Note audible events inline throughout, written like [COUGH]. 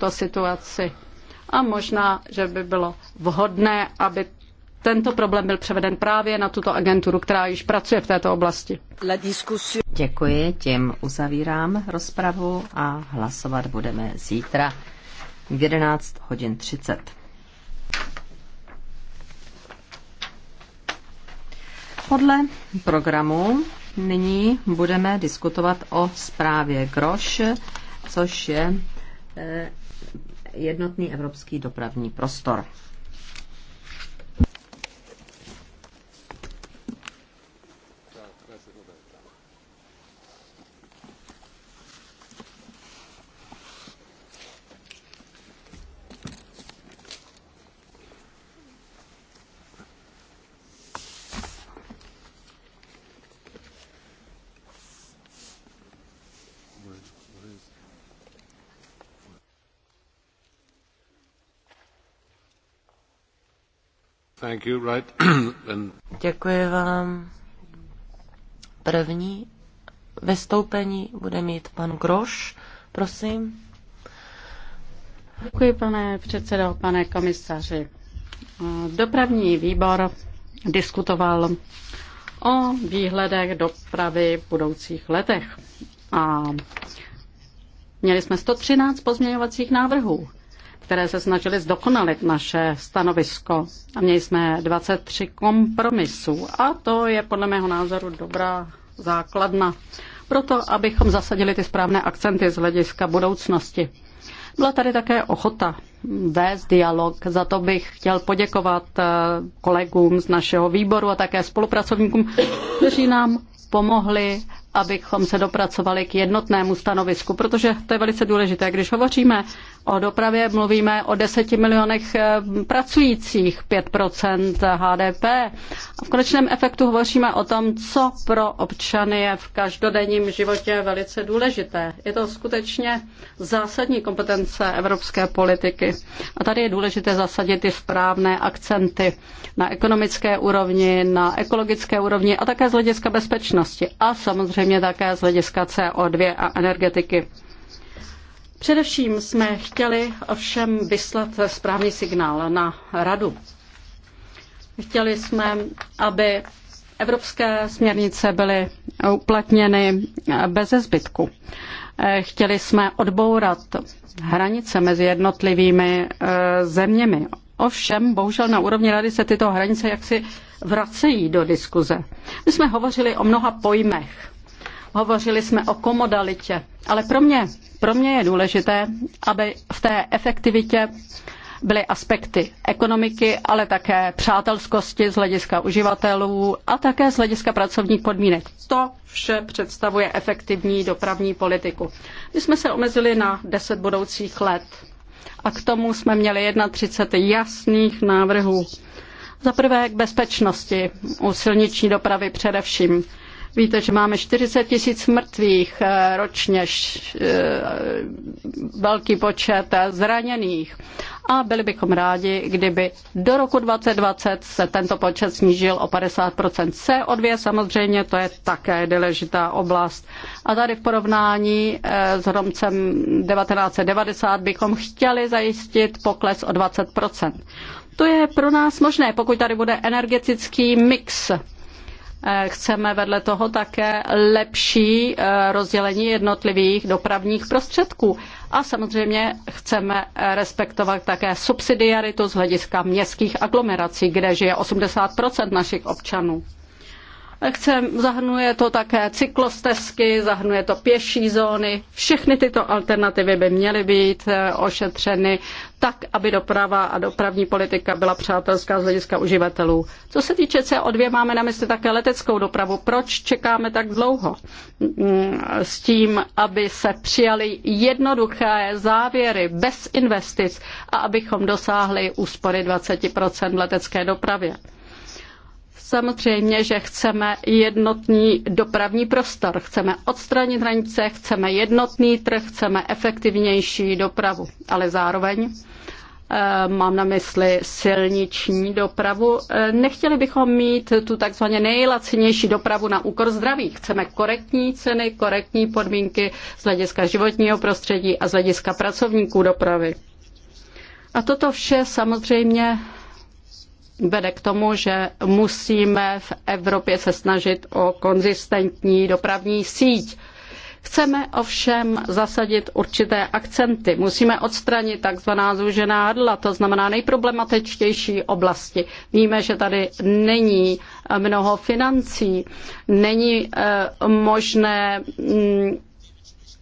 tuto situaci. A možná, že by bylo vhodné, aby tento problém byl převeden právě na tuto agenturu, která již pracuje v této oblasti. Děkuji, tím uzavírám rozpravu a hlasovat budeme zítra v 11 hodin 30. Podle programu nyní budeme diskutovat o zprávě Groš, což je eh, jednotný evropský dopravní prostor. [CLEARS THROAT] Děkuji vám. První vystoupení bude mít pan Groš. Prosím. Děkuji, pane předsedo, pane komisaři. Dopravní výbor diskutoval o výhledech dopravy v budoucích letech. A měli jsme 113 pozměňovacích návrhů které se snažily zdokonalit naše stanovisko. A měli jsme 23 kompromisů a to je podle mého názoru dobrá základna pro to, abychom zasadili ty správné akcenty z hlediska budoucnosti. Byla tady také ochota vést dialog. Za to bych chtěl poděkovat eh, kolegům z našeho výboru a také spolupracovníkům, kteří nám pomohli, abychom se dopracovali k jednotnému stanovisku, protože to je velice důležité. Když hovoříme O dopravě mluvíme o 10 milionech eh, pracujících, 5 HDP. A v konečném efektu hovoříme o tom, co pro občany je v každodenním životě velice důležité. Je to skutečně zásadní kompetence evropské politiky. A tady je důležité zasadit ty správné akcenty na ekonomické úrovni, na ekologické úrovni a také z hlediska bezpečnosti a samozřejmě také z hlediska CO2 a energetiky. Především jsme chtěli všem vyslat správný signál na radu. Chtěli jsme, aby evropské směrnice byly uplatněny bez zbytku. Chtěli jsme odbourat hranice mezi jednotlivými eh, zeměmi. Ovšem, bohužel na úrovni rady se tyto hranice jaksi vracejí do diskuze. My jsme hovořili o mnoha pojmech Hovořili jsme o komodalitě, ale pro mě, pro mě je důležité, aby v té efektivitě byly aspekty ekonomiky, ale také přátelskosti z hlediska uživatelů a také z hlediska pracovních podmínek. To vše představuje efektivní dopravní politiku. My jsme se omezili na 10 budoucích let a k tomu jsme měli 31 jasných návrhů. Za prvé k bezpečnosti u silniční dopravy především. Víte, že máme 40 tisíc mrtvých eh, ročně, eh, velký počet eh, zraněných. A byli bychom rádi, kdyby do roku 2020 se tento počet snížil o 50 CO2 samozřejmě, to je také důležitá oblast. A tady v porovnání s hromcem 1990 bychom chtěli zajistit pokles o 20 To je pro nás možné, pokud tady bude energetický mix Eh, chceme vedle toho také lepší eh, rozdělení jednotlivých dopravních prostředků. A samozřejmě chceme eh, respektovat také subsidiaritu z hlediska městských aglomerací, kde žije 80 našich občanů akce zahrnuje to také cyklostezky, zahrnuje to pěší zóny. Všechny tyto alternativy by měly být eh, ošetřeny tak, aby doprava a dopravní politika byla přátelská z hlediska uživatelů. Co se týče CO2, máme na mysli také leteckou dopravu. Proč čekáme tak dlouho mm, s tím, aby se přijaly jednoduché závěry bez investic a abychom dosáhli úspory 20% v letecké dopravě? Samozřejmě, že chceme jednotný dopravní prostor, chceme odstranit hranice, chceme jednotný trh, chceme efektivnější dopravu, ale zároveň eh, mám na mysli silniční dopravu. Eh, nechtěli bychom mít tu takzvaně nejlacinější dopravu na úkor zdraví. Chceme korektní ceny, korektní podmínky z hlediska životního prostředí a z hlediska pracovníků dopravy. A toto vše samozřejmě vede k tomu, že musíme v Evropě se snažit o konzistentní dopravní síť. Chceme ovšem zasadit určité akcenty. Musíme odstranit takzvaná zúžená hrdla, to znamená nejproblematičtější oblasti. Víme, že tady není eh, mnoho financí, není eh, možné mm,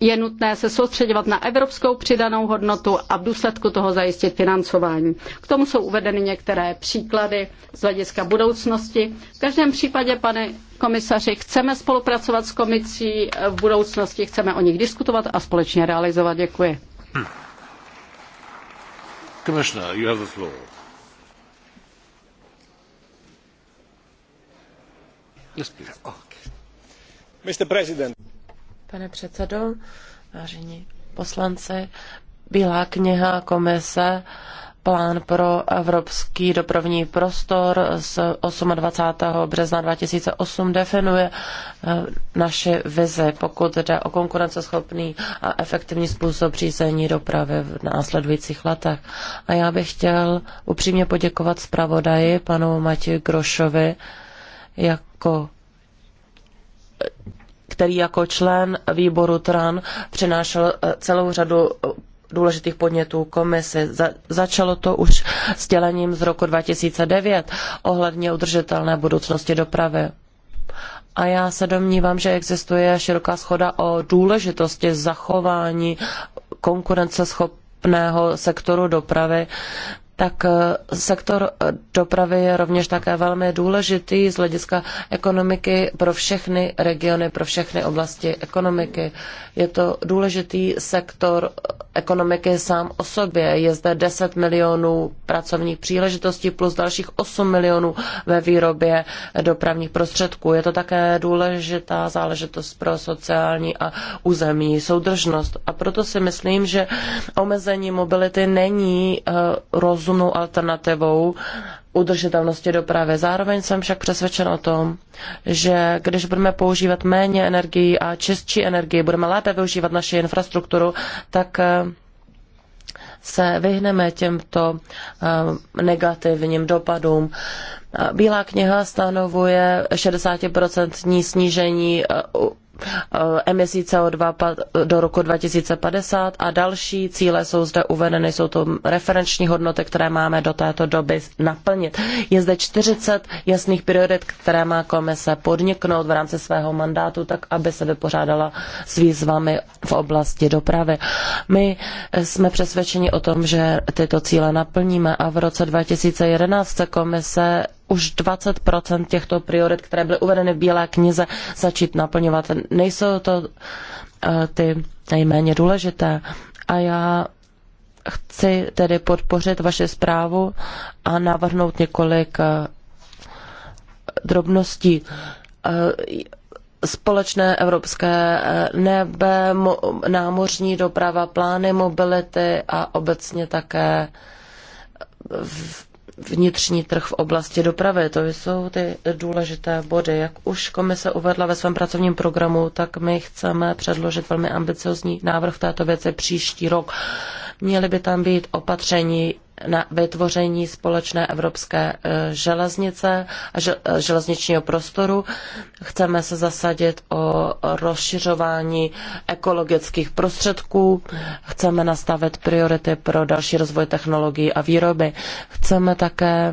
je nutné se soustředovat na evropskou přidanou hodnotu a v důsledku toho zajistit financování. K tomu jsou uvedeny některé příklady z hlediska budoucnosti. V každém případě, pane komisaři, chceme spolupracovat s komisí v budoucnosti, chceme o nich diskutovat a společně realizovat. Děkuji. Mr. President pane předsedo, vážení poslanci. Bílá kniha komise plán pro evropský dopravní prostor z 28. března 2008 definuje eh, naše vize, pokud jde o konkurenceschopný a efektivní způsob řízení dopravy v následujících letech. A já bych chtěl upřímně poděkovat zpravodaji panu Mati Grošovi jako který jako člen výboru TRAN přinášel eh, celou řadu eh, důležitých podnětů komise. Za, začalo to už sdělením z roku 2009 ohledně udržitelné budoucnosti dopravy. A já se domnívám, že existuje široká schoda o důležitosti zachování konkurenceschopného sektoru dopravy tak eh, sektor eh, dopravy je rovněž také velmi důležitý z hlediska ekonomiky pro všechny regiony, pro všechny oblasti ekonomiky. Je to důležitý sektor eh, ekonomiky sám o sobě. Je zde 10 milionů pracovních příležitostí plus dalších 8 milionů ve výrobě dopravních prostředků. Je to také důležitá záležitost pro sociální a územní soudržnost. A proto si myslím, že omezení mobility není eh, rozumnou alternativou udržitelnosti dopravy. Zároveň jsem však přesvědčen o tom, že když budeme používat méně energii a čistší energii, budeme lépe využívat naši infrastrukturu, tak eh, se vyhneme těmto eh, negativním dopadům. Eh, Bílá kniha stanovuje 60% snížení Eh, emisí CO2 do roku 2050 a další cíle jsou zde uvedeny, jsou to referenční hodnoty, které máme do této doby naplnit. Je zde 40 jasných priorit, které má komise podniknout v rámci svého mandátu, tak aby se vypořádala s výzvami v oblasti dopravy. My jsme přesvědčeni o tom, že tyto cíle naplníme a v roce 2011 se komise už 20 těchto priorit, které byly uvedeny v Bílé knize, začít naplňovat. Nejsou to eh, ty nejméně důležité. A já chci tedy podpořit vaši zprávu a navrhnout několik eh, drobností eh, společné evropské nebe, námořní doprava, plány mobility a obecně také vnitřní trh v oblasti dopravy. To jsou ty důležité body. Jak už komise uvedla ve svém pracovním programu, tak my chceme předložit velmi ambiciozní návrh v této věci příští rok. Měly by tam být opatření na vytvoření společné evropské e, železnice a e, železničního prostoru. Chceme se zasadit o rozšiřování ekologických prostředků, chceme nastavit priority pro další rozvoj technologií a výroby. Chceme také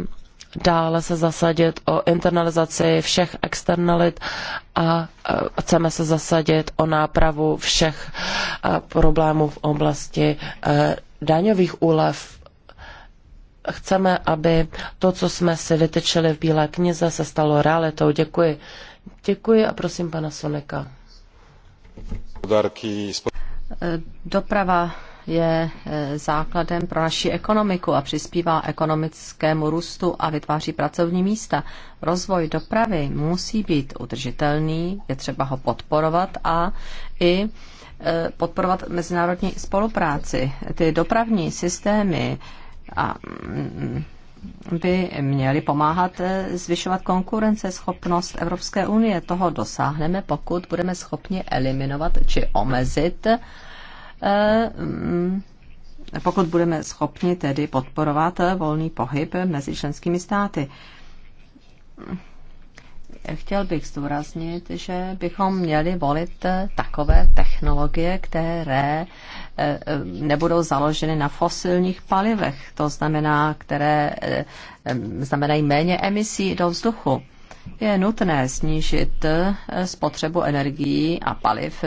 dále se zasadit o internalizaci všech externalit a e, chceme se zasadit o nápravu všech problémů v oblasti daňových úlev chceme, aby to, co jsme si vytyčili v Bílé knize, se stalo realitou. Děkuji. Děkuji a prosím pana Soneka. Doprava je e, základem pro naši ekonomiku a přispívá ekonomickému růstu a vytváří pracovní místa. Rozvoj dopravy musí být udržitelný, je třeba ho podporovat a i e, podporovat mezinárodní spolupráci. Ty dopravní systémy a mm, by měly pomáhat eh, zvyšovat konkurenceschopnost Evropské unie. Toho dosáhneme, pokud budeme schopni eliminovat či omezit, eh, mm, pokud budeme schopni tedy podporovat eh, volný pohyb mezi členskými státy. Chtěl bych zdůraznit, že bychom měli volit takové technologie, které Eh, eh, nebudou založeny na fosilních palivech, to znamená, které eh, znamenají méně emisí do vzduchu. Je nutné snížit spotřebu energií a paliv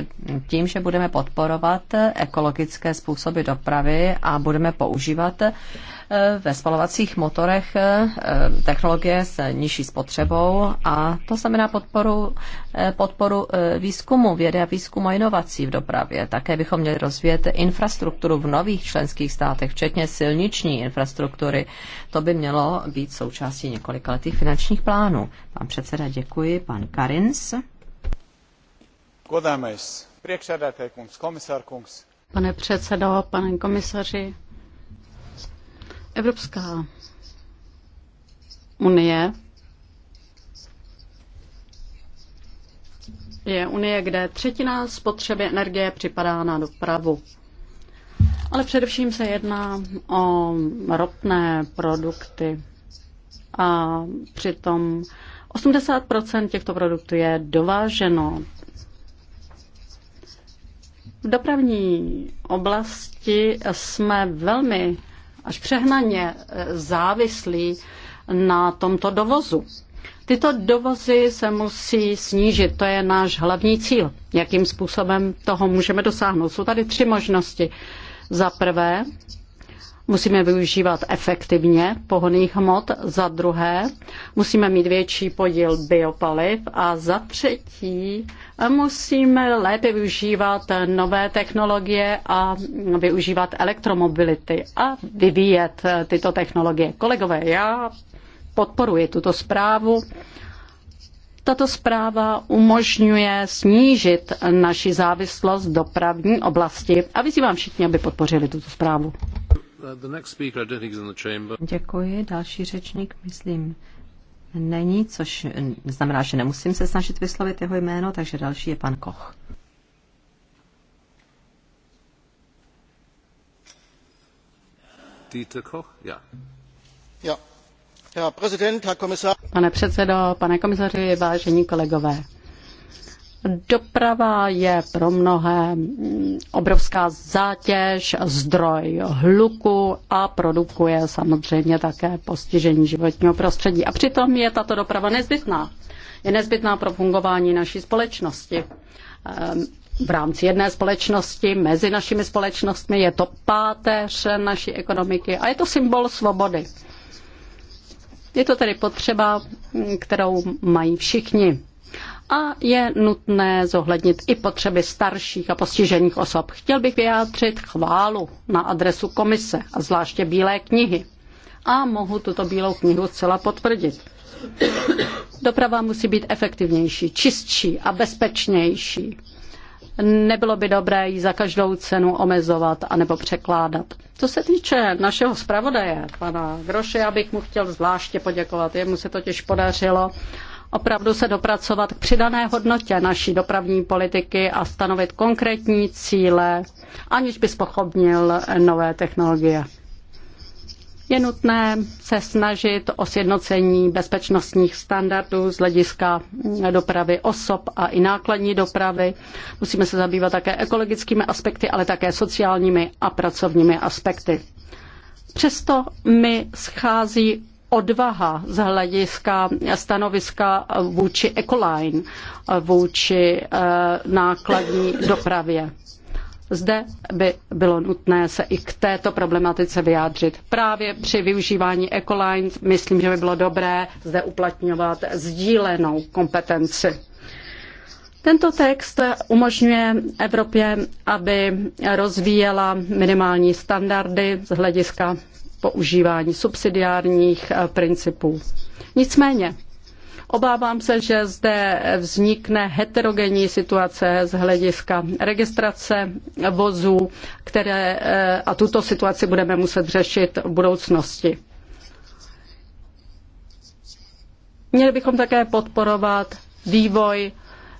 tím, že budeme podporovat ekologické způsoby dopravy a budeme používat ve spalovacích motorech eh, technologie s nižší spotřebou a to znamená podporu, eh, podporu eh, výzkumu, vědy a výzkumu a inovací v dopravě. Také bychom měli rozvíjet infrastrukturu v nových členských státech, včetně silniční infrastruktury. To by mělo být součástí několika letých finančních plánů. Pan předseda, děkuji. Pan Karins. Pane předsedo, pane komisaři, Evropská unie je unie, kde třetina spotřeby energie připadá na dopravu. Ale především se jedná o ropné produkty a přitom 80 těchto produktů je dováženo. V dopravní oblasti jsme velmi až přehnaně eh, závislí na tomto dovozu. Tyto dovozy se musí snížit, to je náš hlavní cíl. Jakým způsobem toho můžeme dosáhnout? Jsou tady tři možnosti. Za prvé, Musíme využívat efektivně pohoných hmot. Za druhé, musíme mít větší podíl biopaliv. A za třetí, musíme lépe využívat nové technologie a využívat elektromobility a vyvíjet tyto technologie. Kolegové, já podporuji tuto zprávu. Tato zpráva umožňuje snížit naši závislost v dopravní oblasti a vyzývám všichni, aby podpořili tuto zprávu. Děkuji. Další řečník, myslím, není, což eh, znamená, že nemusím se snažit vyslovit jeho jméno, takže další je pan Koch. Dieter Koch? Ja. Ja. Herr Präsident, Herr Kommissar. Pane předsedo, pane komisaři, vážení kolegové. Doprava je pro mnohé obrovská zátěž, zdroj hluku a produkuje samozřejmě také postižení životního prostředí. A přitom je tato doprava nezbytná. Je nezbytná pro fungování naší společnosti. Ehm, v rámci jedné společnosti, mezi našimi společnostmi je to páteř naší ekonomiky a je to symbol svobody. Je to tedy potřeba, kterou mají všichni a je nutné zohlednit i potřeby starších a postižených osob. Chtěl bych vyjádřit chválu na adresu komise a zvláště Bílé knihy. A mohu tuto Bílou knihu zcela potvrdit. Doprava musí být efektivnější, čistší a bezpečnější. Nebylo by dobré ji za každou cenu omezovat anebo překládat. Co se týče našeho zpravodaje, pana Groše, já bych mu chtěl zvláště poděkovat. Jemu se totiž podařilo uh, opravdu se dopracovat k přidané hodnotě naší dopravní politiky a stanovit konkrétní cíle, aniž by spochobnil nové technologie. Je nutné se snažit o sjednocení bezpečnostních standardů z hlediska dopravy osob a i nákladní dopravy. Musíme se zabývat také ekologickými aspekty, ale také sociálními a pracovními aspekty. Přesto mi schází odvaha z hlediska stanoviska vůči Ecoline, vůči eh, nákladní dopravě. Zde by bylo nutné se i k této problematice vyjádřit. Právě při využívání Ecoline myslím, že by bylo dobré zde uplatňovat sdílenou kompetenci. Tento text umožňuje Evropě, aby rozvíjela minimální standardy z hlediska používání subsidiárních eh, principů. Nicméně, Obávám se, že zde vznikne heterogenní situace z hlediska registrace vozů, které, eh, a tuto situaci budeme muset řešit v budoucnosti. Měli bychom také podporovat vývoj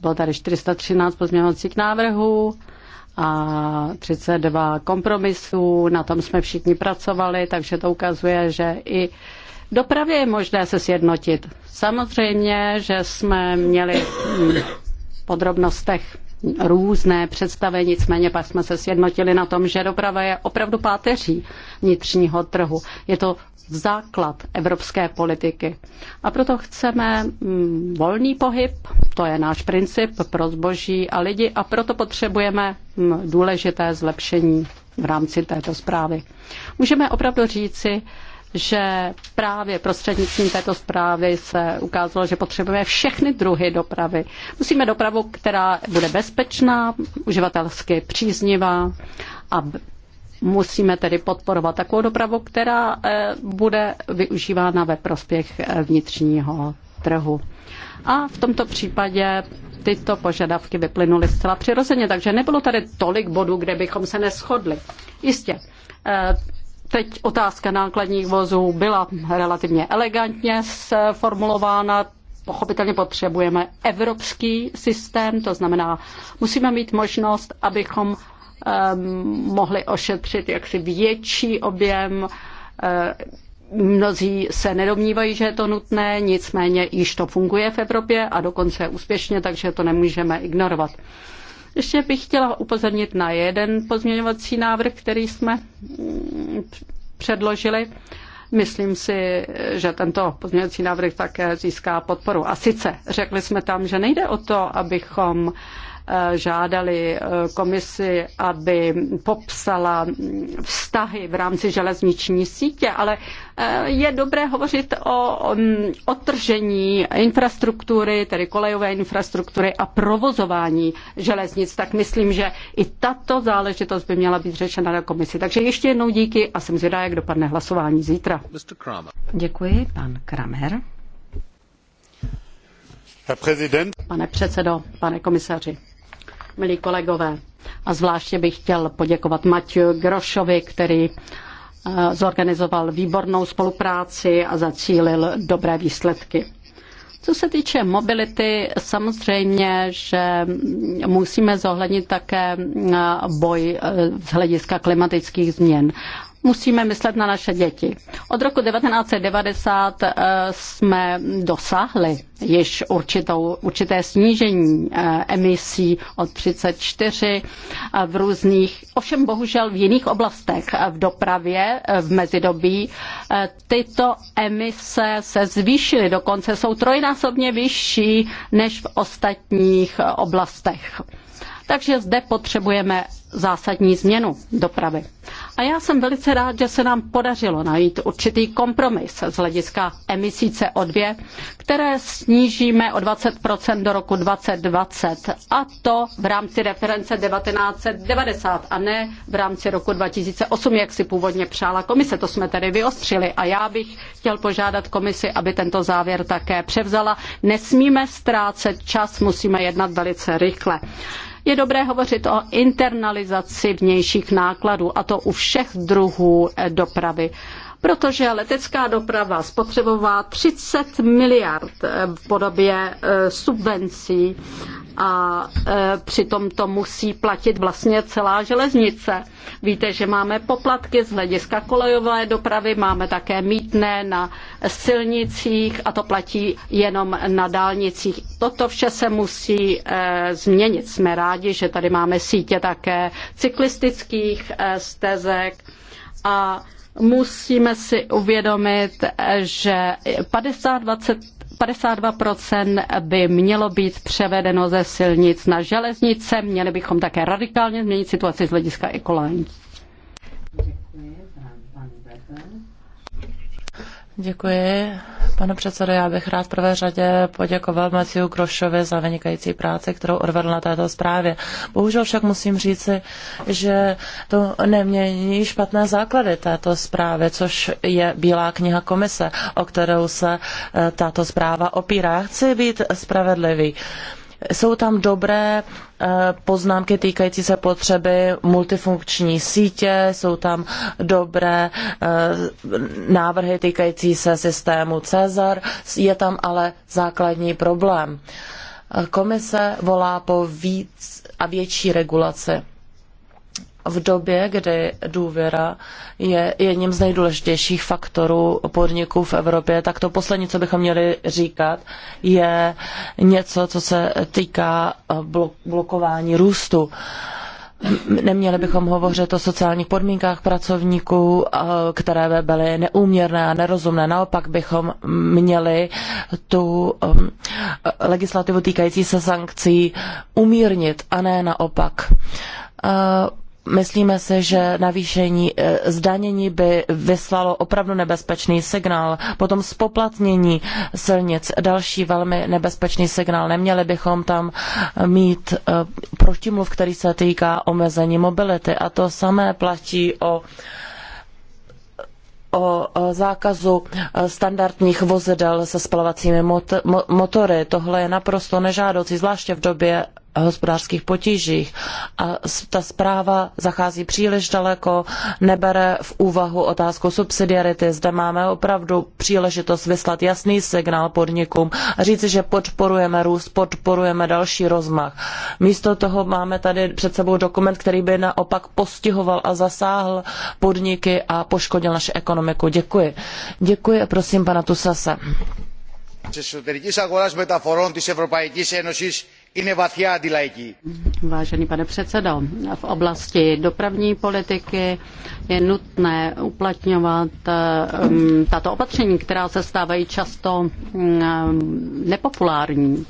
Bylo tady 413 pozměňovacích návrhů a 32 kompromisů, na tom jsme všichni pracovali, takže to ukazuje, že i dopravě je možné se sjednotit. Samozřejmě, že jsme měli v podrobnostech různé představy, nicméně pak jsme se sjednotili na tom, že doprava je opravdu páteří vnitřního trhu. Je to základ evropské politiky. A proto chceme mm, volný pohyb, to je náš princip pro zboží a lidi a proto potřebujeme mm, důležité zlepšení v rámci této zprávy. Můžeme opravdu říci, že právě prostřednictvím této zprávy se ukázalo, že potřebujeme všechny druhy dopravy. Musíme dopravu, která bude bezpečná, uživatelsky příznivá a Musíme tedy podporovat takovou dopravu, která eh, bude využívána ve prospěch eh, vnitřního trhu. A v tomto případě tyto požadavky vyplynuly zcela přirozeně, takže nebylo tady tolik bodů, kde bychom se neschodli. Jistě, eh, teď otázka nákladních vozů byla relativně elegantně sformulována. pochopitelně potřebujeme evropský systém, to znamená, musíme mít možnost, abychom Ehm, mohli ošetřit jaksi větší objem. Ehm, mnozí se nedomnívají, že je to nutné, nicméně již to funguje v Evropě a dokonce úspěšně, takže to nemůžeme ignorovat. Ještě bych chtěla upozornit na jeden pozměňovací návrh, který jsme mm, předložili. Myslím si, že tento pozměňovací návrh také získá podporu. A sice řekli jsme tam, že nejde o to, abychom Eh, žádali eh, komisi, aby popsala vztahy v rámci železniční sítě, ale eh, je dobré hovořit o mm, otržení infrastruktury, tedy kolejové infrastruktury a provozování železnic, tak myslím, že i tato záležitost by měla být řešena na komisi. Takže ještě jednou díky a jsem zvědá, jak dopadne hlasování zítra. Děkuji, pan Kramer. Pane předsedo, pane komisaři, milí kolegové. A zvláště bych chtěl poděkovat Matěju Grošovi, který eh, zorganizoval výbornou spolupráci a zacílil dobré výsledky. Co se týče mobility, samozřejmě, že musíme zohlednit také eh, boj eh, z hlediska klimatických změn musíme myslet na naše děti. Od roku 1990 eh, jsme dosáhli již určitou, určité snížení eh, emisí od 34 eh, v různých, ovšem bohužel v jiných oblastech, v dopravě, v mezidobí, tyto emise se zvýšily, dokonce jsou trojnásobně vyšší než v ostatních oblastech. Takže zde potřebujeme zásadní změnu dopravy. A já jsem velice rád, že se nám podařilo najít určitý kompromis z hlediska emisí CO2, které snížíme o 20 do roku 2020, a to v rámci reference 1990 a ne v rámci roku 2008, jak si původně přála komise. To jsme tedy vyostřili a já bych chtěl požádat komisi, aby tento závěr také převzala. Nesmíme ztrácet čas, musíme jednat velice rychle. Je dobré hovořit o internalizaci vnějších nákladů, a to u všech druhů eh, dopravy protože letecká doprava spotřebová 30 miliard eh, v podobě eh, subvencí a eh, přitom to musí platit vlastně celá železnice. Víte, že máme poplatky z hlediska kolejové dopravy, máme také mítné na silnicích a to platí jenom na dálnicích. Toto vše se musí změnit. Jsme rádi, že tady máme sítě také cyklistických stezek a Musíme si uvědomit, že 50, 20, 52% by mělo být převedeno ze silnic na železnice. Měli bychom také radikálně změnit situaci z hlediska ekolání. Děkuji. Děkuji. Pane předsedo, já bych rád v prvé řadě poděkoval Matthew Krošovi za vynikající práci, kterou odvedl na této zprávě. Bohužel však musím říci, že to nemění špatné základy této zprávy, což je Bílá kniha komise, o kterou se eh, tato zpráva opírá. Chci být spravedlivý. Jsou tam dobré eh, poznámky týkající se potřeby multifunkční sítě, jsou tam dobré eh, návrhy týkající se systému Cezar, je tam ale základní problém. Komise volá po víc a větší regulaci v době, kdy důvěra je jedním z nejdůležitějších faktorů podniků v Evropě, tak to poslední, co bychom měli říkat, je něco, co se týká eh, blokování růstu. Neměli bychom hovořit o sociálních podmínkách pracovníků, eh, které by byly neúměrné a nerozumné. Naopak bychom měli tu eh, legislativu týkající se sankcí umírnit a ne naopak. Myslíme si, že navýšení eh, zdanění by vyslalo opravdu nebezpečný signál. Potom spoplatnění silnic, další velmi nebezpečný signál. Neměli bychom tam eh, mít eh, protimluv, který se týká omezení mobility. A to samé platí o o zákazu standardních vozidel se spalovacími motory. Tohle je naprosto nežádoucí, zvláště v době hospodářských potížích. A ta zpráva zachází příliš daleko, nebere v úvahu otázku subsidiarity. Zde máme opravdu příležitost vyslat jasný signál podnikům a říci, že podporujeme růst, podporujeme další rozmach. Místo toho máme tady před sebou dokument, který by naopak postihoval a zasáhl podniky a poškodil naši ekonomiku. Děkuji. Děkuji a prosím pana Tusase. Της εσωτερικής αγοράς μεταφορών της Ευρωπαϊκής Vážený pane předsedo, v oblasti dopravní politiky je nutné uplatňovat um, tato opatření, která se stávají často um, nepopulární.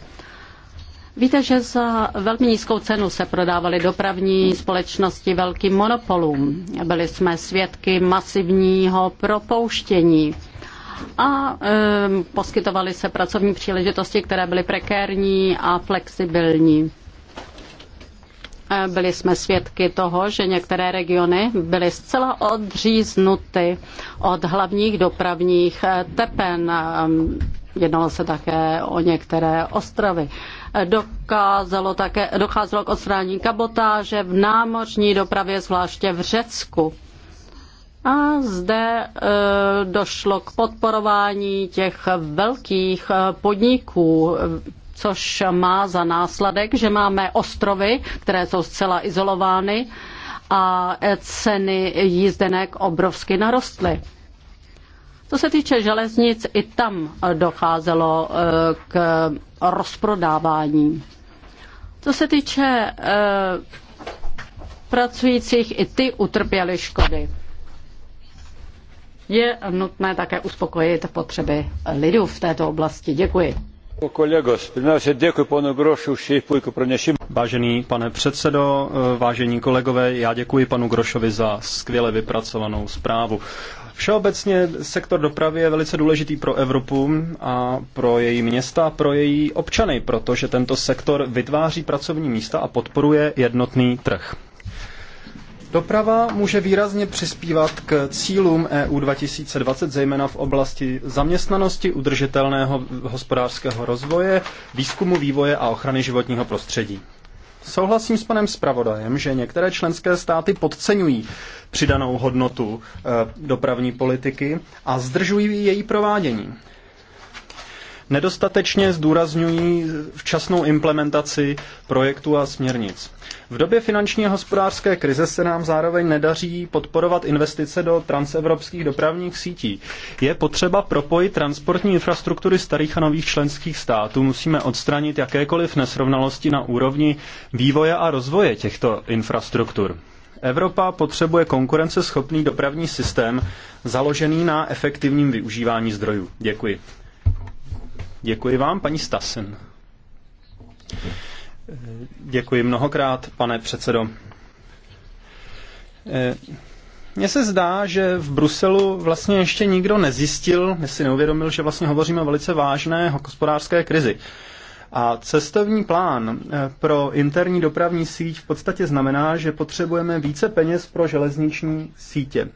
Víte, že za velmi nízkou cenu se prodávaly dopravní společnosti velkým monopolům. Byli jsme svědky masivního propouštění a poskytovaly se pracovní příležitosti, které byly prekérní a flexibilní. Byli jsme svědky toho, že některé regiony byly zcela odříznuty od hlavních dopravních eh, tepen. Jednalo se také o některé ostrovy. Dokázalo také, docházelo k odstrání kabotáže v námořní dopravě, zvláště v Řecku. A zde e, došlo k podporování těch velkých e, podniků, což má za následek, že máme ostrovy, které jsou zcela izolovány a ceny jízdenek obrovsky narostly. Co se týče železnic, i tam docházelo e, k rozprodávání. Co se týče pracujících, i ty utrpěly škody je nutné také uspokojit potřeby lidů v této oblasti. Děkuji. Vážený pane předsedo, vážení kolegové, já děkuji panu Grošovi za skvěle vypracovanou zprávu. Všeobecně sektor dopravy je velice důležitý pro Evropu a pro její města, pro její občany, protože tento sektor vytváří pracovní místa a podporuje jednotný trh. Doprava může výrazně přispívat k cílům EU 2020, zejména v oblasti zaměstnanosti, udržitelného hospodářského rozvoje, výzkumu, vývoje a ochrany životního prostředí. Souhlasím s panem zpravodajem, že některé členské státy podceňují přidanou hodnotu e, dopravní politiky a zdržují její provádění nedostatečně zdůrazňují včasnou implementaci projektů a směrnic. V době finanční a hospodářské krize se nám zároveň nedaří podporovat investice do transevropských dopravních sítí. Je potřeba propojit transportní infrastruktury starých a nových členských států. Musíme odstranit jakékoliv nesrovnalosti na úrovni vývoje a rozvoje těchto infrastruktur. Evropa potřebuje konkurenceschopný dopravní systém založený na efektivním využívání zdrojů. Děkuji. Děkuji vám, paní Stasin. Děkuji mnohokrát, pane předsedo. Eh, mně se zdá, že v Bruselu vlastně ještě nikdo nezjistil, si neuvědomil, že vlastně hovoříme o velice vážné hospodářské krizi. A cestovní plán eh, pro interní dopravní síť v podstatě znamená, že potřebujeme více peněz pro železniční sítě.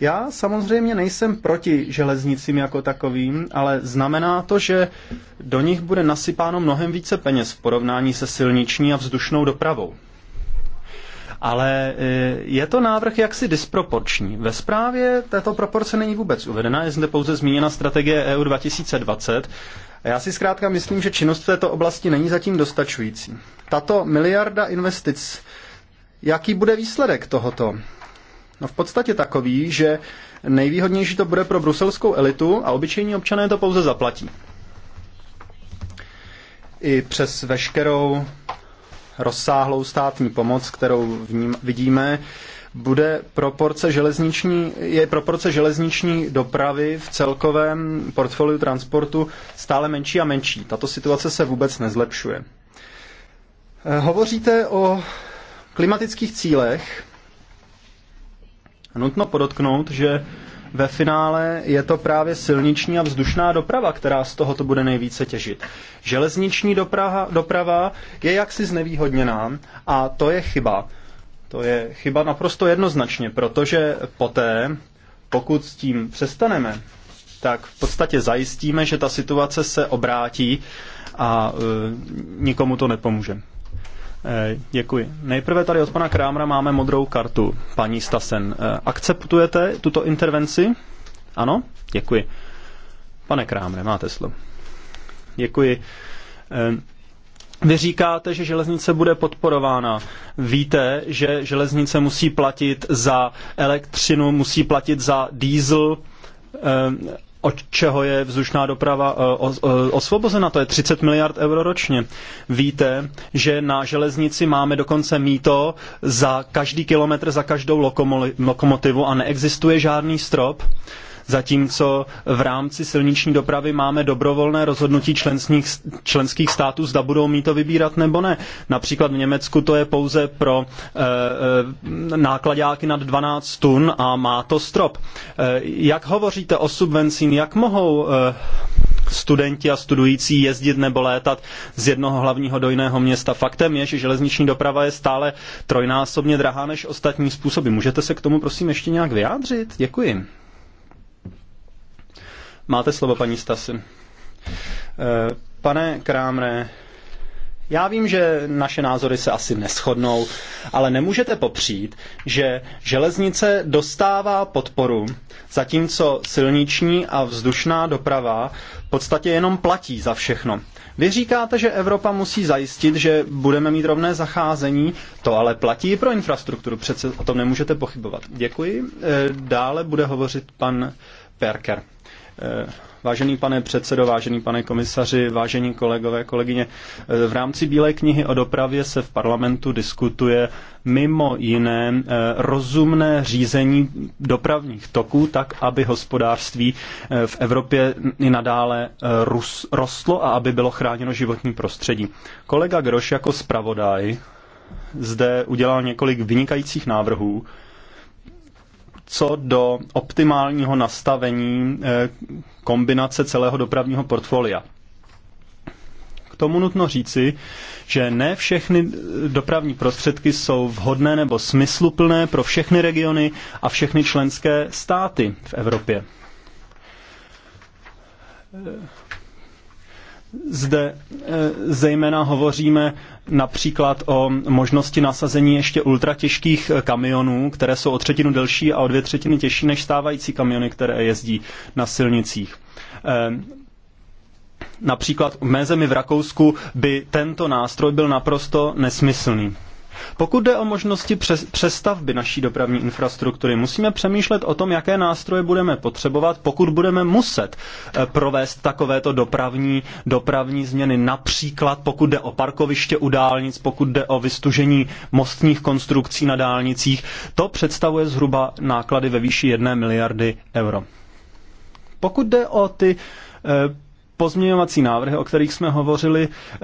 Já samozřejmě nejsem proti železnicím jako takovým, ale znamená to, že do nich bude nasypáno mnohem více peněz v porovnání se silniční a vzdušnou dopravou. Ale e, je to návrh jaksi disproporční. Ve zprávě tato proporce není vůbec uvedena, je zde pouze zmíněna strategie EU 2020. Já si zkrátka myslím, že činnost v této oblasti není zatím dostačující. Tato miliarda investic, jaký bude výsledek tohoto? No v podstatě takový, že nejvýhodnější to bude pro bruselskou elitu a obyčejní občané to pouze zaplatí. I přes veškerou rozsáhlou státní pomoc, kterou vním, vidíme, bude proporce železniční, je proporce železniční dopravy v celkovém portfoliu transportu stále menší a menší. Tato situace se vůbec nezlepšuje. Eh, hovoříte o klimatických cílech, Nutno podotknout, že ve finále je to právě silniční a vzdušná doprava, která z tohoto bude nejvíce těžit. Železniční doprava, doprava je jaksi znevýhodněná a to je chyba. To je chyba naprosto jednoznačně, protože poté, pokud s tím přestaneme, tak v podstatě zajistíme, že ta situace se obrátí a e, nikomu to nepomůže. Eh, děkuji. Nejprve tady od pana Krámra máme modrou kartu, paní Stasen. Eh, akceptujete tuto intervenci? Ano? Děkuji. Pane Krámre, máte slovo. Děkuji. Eh, vy říkáte, že železnice bude podporována. Víte, že železnice musí platit za elektřinu, musí platit za diesel od čeho je vzdušná doprava eh, eh, osvobozena, to je 30 miliard euro ročně. Víte, že na železnici máme dokonce míto za každý kilometr, za každou lokomotivu a neexistuje žádný strop zatímco v rámci silniční dopravy máme dobrovolné rozhodnutí členských, států, zda budou mít to vybírat nebo ne. Například v Německu to je pouze pro e, e, nákladáky nad 12 tun a má to strop. E, jak hovoříte o subvencích, jak mohou studenti a studující jezdit nebo létat z jednoho hlavního do jiného města. Faktem je, že železniční doprava je stále trojnásobně drahá než ostatní způsoby. Můžete se k tomu prosím ještě nějak vyjádřit? Děkuji. Máte slovo, paní Stasi. Eh, pane Krámre, já vím, že naše názory se asi neschodnou, ale nemůžete popřít, že železnice dostává podporu, zatímco silniční a vzdušná doprava v podstatě jenom platí za všechno. Vy říkáte, že Evropa musí zajistit, že budeme mít rovné zacházení, to ale platí i pro infrastrukturu, přece o tom nemůžete pochybovat. Děkuji. Eh, dále bude hovořit pan Perker. Eh, vážený pane předsedo, vážený pane komisaři, vážení kolegové, kolegyně, eh, v rámci Bílé knihy o dopravě se v parlamentu diskutuje mimo jiné eh, rozumné řízení dopravních toků, tak aby hospodářství v Evropě i nadále rostlo a aby bylo chráněno životní prostředí. Kolega Groš jako zpravodaj zde udělal několik vynikajících návrhů, co do optimálního nastavení eh, kombinace celého dopravního portfolia. K tomu nutno říci, že ne všechny dopravní prostředky jsou vhodné nebo smysluplné pro všechny regiony a všechny členské státy v Evropě zde e, zejména hovoříme například o možnosti nasazení ještě ultratěžkých e, kamionů, které jsou o třetinu delší a o dvě třetiny těžší než stávající kamiony, které jezdí na silnicích. E, například v mé zemi v Rakousku by tento nástroj byl naprosto nesmyslný. Pokud jde o možnosti přestavby naší dopravní infrastruktury, musíme přemýšlet o tom, jaké nástroje budeme potřebovat, pokud budeme muset eh, provést takovéto dopravní, dopravní změny. Například pokud jde o parkoviště u dálnic, pokud jde o vystužení mostních konstrukcí na dálnicích, to představuje zhruba náklady ve výši jedné miliardy euro. Pokud jde o ty eh, pozměňovací návrhy, o kterých jsme hovořili. Eh,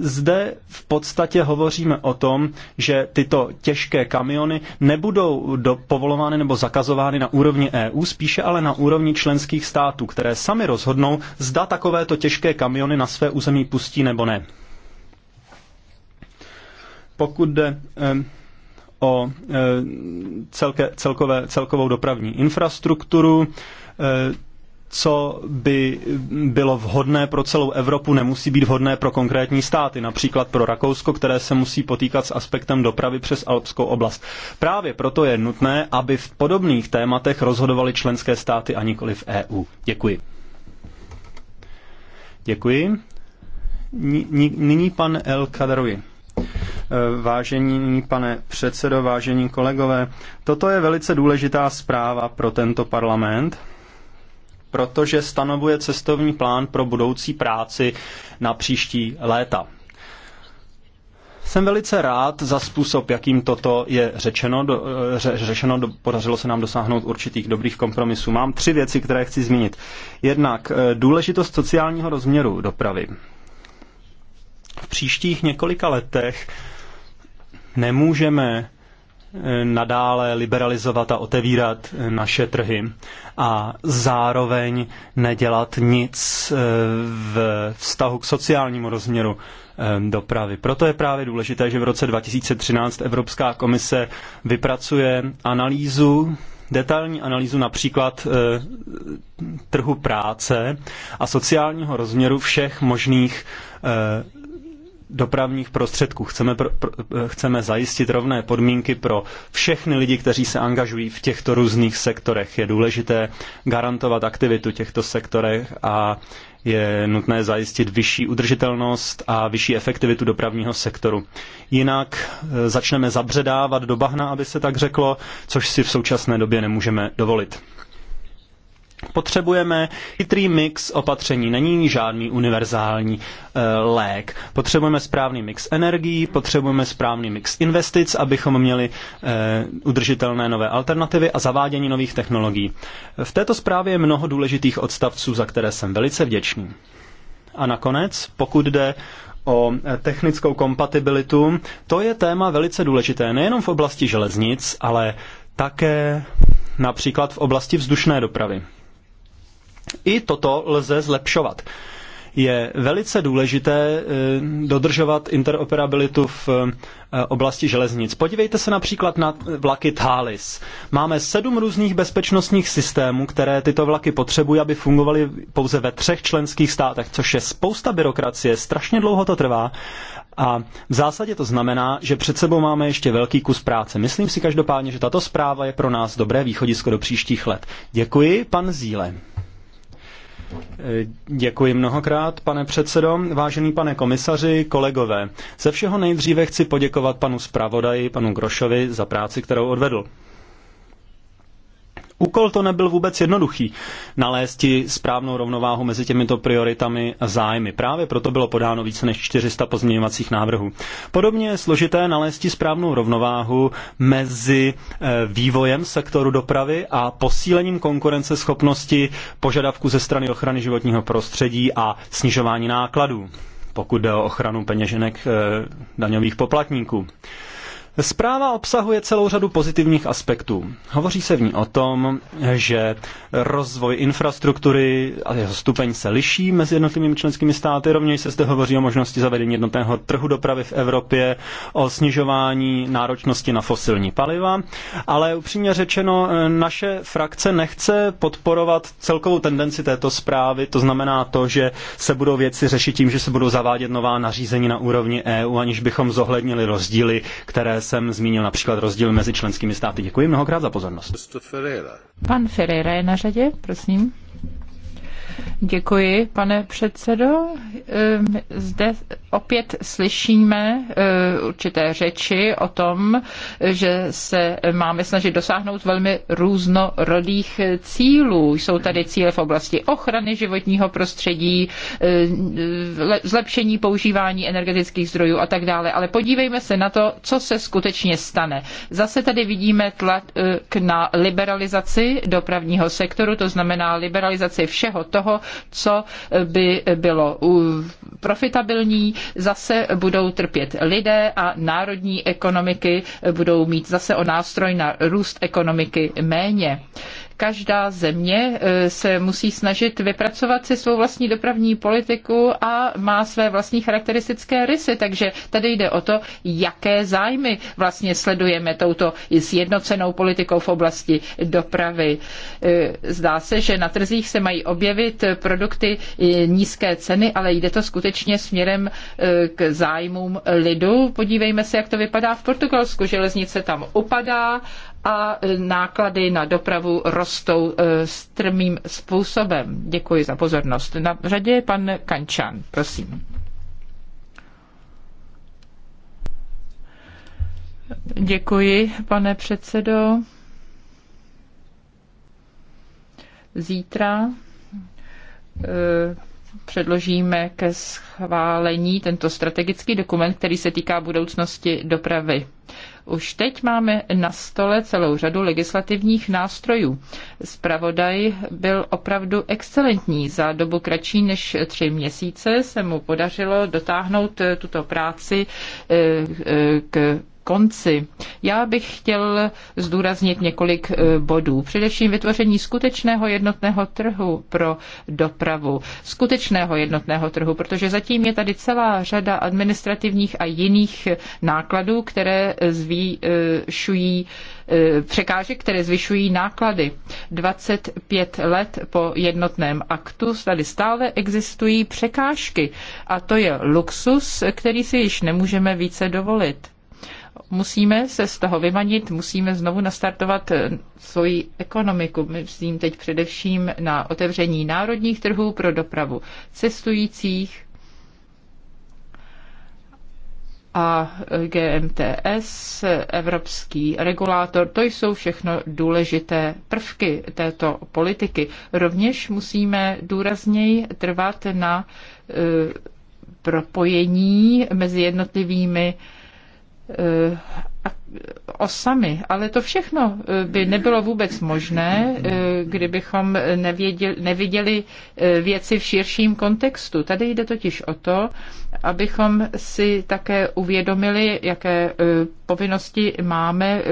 zde v podstatě hovoříme o tom, že tyto těžké kamiony nebudou do, povolovány nebo zakazovány na úrovni EU, spíše ale na úrovni členských států, které sami rozhodnou, zda takovéto těžké kamiony na své území pustí nebo ne. Pokud jde eh, o eh, celke, celkové, celkovou dopravní infrastrukturu, co by bylo vhodné pro celou Evropu, nemusí být vhodné pro konkrétní státy, například pro Rakousko, které se musí potýkat s aspektem dopravy přes Alpskou oblast. Právě proto je nutné, aby v podobných tématech rozhodovaly členské státy a nikoli v EU. Děkuji. Děkuji. Nyní pan El Kadaroui. Eh, vážení pane předsedo, vážení kolegové, toto je velice důležitá zpráva pro tento parlament protože stanovuje cestovní plán pro budoucí práci na příští léta. Jsem velice rád za způsob, jakým toto je řečeno. Do, eh, ře, řešeno do, podařilo se nám dosáhnout určitých dobrých kompromisů. Mám tři věci, které chci zmínit. Jednak eh, důležitost sociálního rozměru dopravy. V příštích několika letech nemůžeme nadále liberalizovat a otevírat naše trhy a zároveň nedělat nic eh, v vztahu k sociálnímu rozměru eh, dopravy. Proto je právě důležité, že v roce 2013 Evropská komise vypracuje analýzu detailní analýzu například eh, trhu práce a sociálního rozměru všech možných dopravních prostředků. Chceme, pro, pro, chceme zajistit rovné podmínky pro všechny lidi, kteří se angažují v těchto různých sektorech. Je důležité garantovat aktivitu těchto sektorech a je nutné zajistit vyšší udržitelnost a vyšší efektivitu dopravního sektoru. Jinak e, začneme zabředávat do bahna, aby se tak řeklo, což si v současné době nemůžeme dovolit. Potřebujeme chytrý mix opatření, není žádný univerzální eh, lék. Potřebujeme správný mix energií, potřebujeme správný mix investic, abychom měli eh, udržitelné nové alternativy a zavádění nových technologií. V této zprávě je mnoho důležitých odstavců, za které jsem velice vděčný. A nakonec, pokud jde o eh, technickou kompatibilitu, to je téma velice důležité nejenom v oblasti železnic, ale také například v oblasti vzdušné dopravy. I toto lze zlepšovat. Je velice důležité eh, dodržovat interoperabilitu v eh, oblasti železnic. Podívejte se například na vlaky Thalys. Máme sedm různých bezpečnostních systémů, které tyto vlaky potřebují, aby fungovaly pouze ve třech členských státech, což je spousta byrokracie, strašně dlouho to trvá a v zásadě to znamená, že před sebou máme ještě velký kus práce. Myslím si každopádně, že tato zpráva je pro nás dobré východisko do příštích let. Děkuji, pan Zíle. Děkuji mnohokrát, pane předsedo, vážený pane komisaři, kolegové. Ze všeho nejdříve chci poděkovat panu zpravodaji, panu Grošovi za práci, kterou odvedl. Úkol to nebyl vůbec jednoduchý. Nalézt správnou rovnováhu mezi těmito prioritami a zájmy. Právě proto bylo podáno více než 400 pozměňovacích návrhů. Podobně je složité nalézt správnou rovnováhu mezi eh, vývojem sektoru dopravy a posílením konkurenceschopnosti požadavků ze strany ochrany životního prostředí a snižování nákladů pokud jde o ochranu peněženek eh, daňových poplatníků. Zpráva obsahuje celou řadu pozitivních aspektů. Hovoří se v ní o tom, že rozvoj infrastruktury a jeho stupeň se liší mezi jednotlivými členskými státy. Rovněž se zde hovoří o možnosti zavedení jednotného trhu dopravy v Evropě, o snižování náročnosti na fosilní paliva, ale upřímně řečeno, naše frakce nechce podporovat celkovou tendenci této zprávy, to znamená to, že se budou věci řešit tím, že se budou zavádět nová nařízení na úrovni EU, aniž bychom zohlednili rozdíly, které jsem zmínil například rozdíl mezi členskými státy. Děkuji mnohokrát za pozornost. Pan Ferreira je na řadě, prosím. Děkuji, pane předsedo. Ehm, zde opět slyšíme eh, určité řeči o tom, že se máme snažit dosáhnout velmi různorodých cílů. Jsou tady cíle v oblasti ochrany životního prostředí, eh, zlepšení používání energetických zdrojů a tak dále. Ale podívejme se na to, co se skutečně stane. Zase tady vidíme tlak eh, na liberalizaci dopravního sektoru, to znamená liberalizaci všeho toho, co by bylo profitabilní, zase budou trpět lidé a národní ekonomiky budou mít zase o nástroj na růst ekonomiky méně každá země eh, se musí snažit vypracovat si svou vlastní dopravní politiku a má své vlastní charakteristické rysy. Takže tady jde o to, jaké zájmy vlastně sledujeme touto sjednocenou politikou v oblasti dopravy. Eh, zdá se, že na trzích se mají objevit produkty eh, nízké ceny, ale jde to skutečně směrem k zájmům lidu. Podívejme se, jak to vypadá v Portugalsku. Železnice tam upadá a náklady na dopravu rostou e, strmým způsobem. Děkuji za pozornost. Na řadě je pan Kančan, prosím. Děkuji, pane předsedo. Zítra e, předložíme ke schválení tento strategický dokument, který se týká budoucnosti dopravy. Už teď máme na stole celou řadu legislativních nástrojů. Spravodaj byl opravdu excelentní. Za dobu kratší než tři měsíce se mu podařilo dotáhnout eh, tuto práci eh, eh, k konci. Já bych chtěl zdůraznit několik eh, bodů. Především vytvoření skutečného jednotného trhu pro dopravu. Skutečného jednotného trhu, protože zatím je tady celá řada administrativních a jiných nákladů, které zvýšují eh, překážek, které zvyšují náklady. 25 let po jednotném aktu tady stále existují překážky a to je luxus, který si již nemůžeme více dovolit. Musíme se z toho vymanit, musíme znovu nastartovat eh, svoji ekonomiku. Myslím teď především na otevření národních trhů pro dopravu cestujících a GMTS, evropský regulátor, to jsou všechno důležité prvky této politiky. Rovněž musíme důrazněji trvat na eh, propojení mezi jednotlivými uh, a osami. Ale to všechno eh, by nebylo vůbec možné, eh, kdybychom nevěděli, neviděli eh, věci v širším kontextu. Tady jde totiž o to, abychom si také uvědomili, jaké povinnosti máme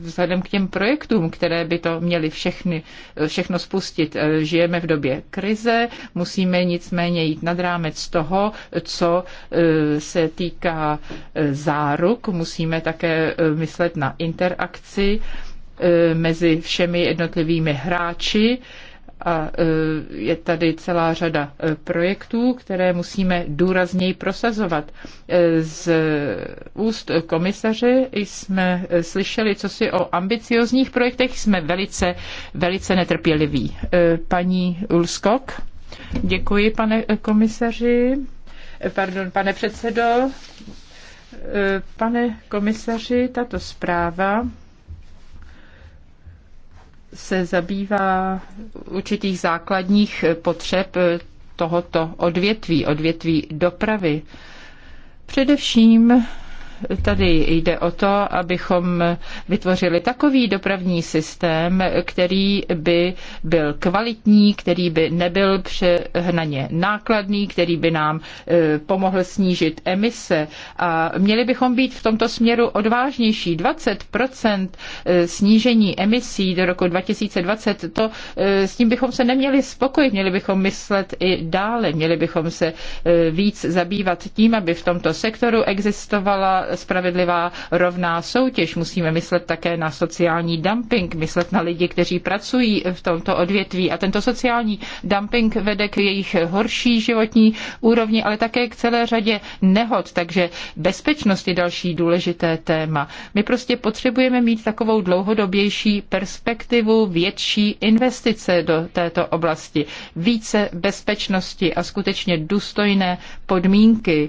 vzhledem k těm projektům, které by to měly všechny, všechno spustit. Žijeme v době krize, musíme nicméně jít nad rámec toho, co se týká záruk, musíme také myslet myslet na interakci e, mezi všemi jednotlivými hráči a e, je tady celá řada e, projektů, které musíme důrazněji prosazovat. Z úst komisaře jsme slyšeli, co si o ambiciozních projektech jsme velice, velice netrpěliví. Paní Ulskok, děkuji, pane komisaři. Pardon, pane předsedo, Eh, pane komisaři, tato zpráva se zabývá určitých základních potřeb tohoto odvětví, odvětví dopravy. Především Tady jde o to, abychom vytvořili takový dopravní systém, který by byl kvalitní, který by nebyl přehnaně nákladný, který by nám e, pomohl snížit emise. A měli bychom být v tomto směru odvážnější. 20 e, snížení emisí do roku 2020, to e, s tím bychom se neměli spokojit, měli bychom myslet i dále, měli bychom se víc zabývat tím, aby v tomto sektoru existovala spravedlivá rovná soutěž. Musíme myslet také na sociální dumping, myslet na lidi, kteří pracují v tomto odvětví. A tento sociální dumping vede k jejich horší životní úrovni, ale také k celé řadě nehod. Takže bezpečnost je další důležité téma. My prostě potřebujeme mít takovou dlouhodobější perspektivu, větší investice do této oblasti, více bezpečnosti a skutečně důstojné podmínky